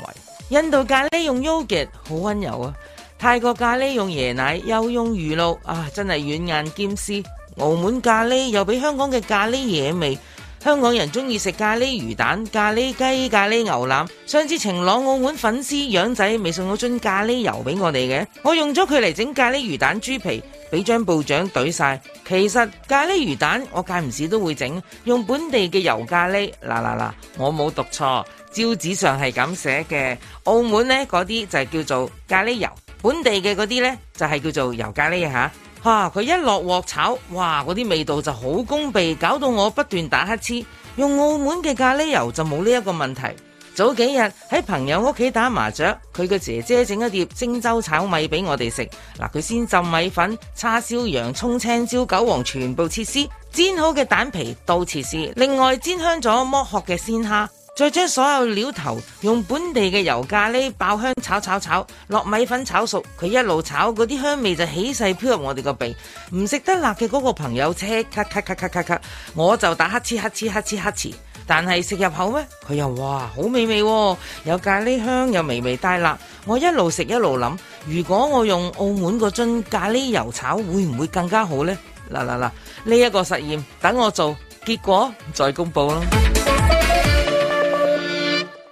印度咖喱用 yogurt 好溫柔啊，泰國咖喱用椰奶，又用魚露，啊，真係軟硬兼施。澳門咖喱又比香港嘅咖喱惹味。香港人中意食咖喱魚蛋、咖喱雞、咖喱牛腩。上次晴朗澳門粉絲養仔，未送咗我樽咖喱油俾我哋嘅，我用咗佢嚟整咖喱魚蛋豬皮，俾張部長懟晒。其實咖喱魚蛋我間唔時都會整，用本地嘅油咖喱。嗱嗱嗱，我冇讀錯，招紙上係咁寫嘅。澳門呢嗰啲就係叫做咖喱油，本地嘅嗰啲呢就係叫做油咖喱吓。哇！佢一落鑊炒，哇，嗰啲味道就好攻鼻，搞到我不斷打乞嗤。用澳門嘅咖喱油就冇呢一個問題。早幾日喺朋友屋企打麻雀，佢嘅姐姐整一碟星洲炒米俾我哋食。嗱，佢先浸米粉，叉燒、洋蔥、青椒、韭黃全部切絲，煎好嘅蛋皮都切絲，另外煎香咗剝殼嘅鮮蝦。再將所有料頭用本地嘅油咖喱爆香炒炒炒，落米粉炒熟，佢一路炒嗰啲香味就起勢飄入我哋個鼻。唔食得辣嘅嗰個朋友，車咔咔咔咔咔咔，我就打乞嗤乞嗤乞嗤乞嗤。但係食入口咩，佢又哇，好美味，有咖喱香，又微微帶辣。我一路食一路諗，如果我用澳門個樽咖喱油炒，會唔會更加好呢？嗱嗱嗱，呢一個實驗等我做，結果再公布咯。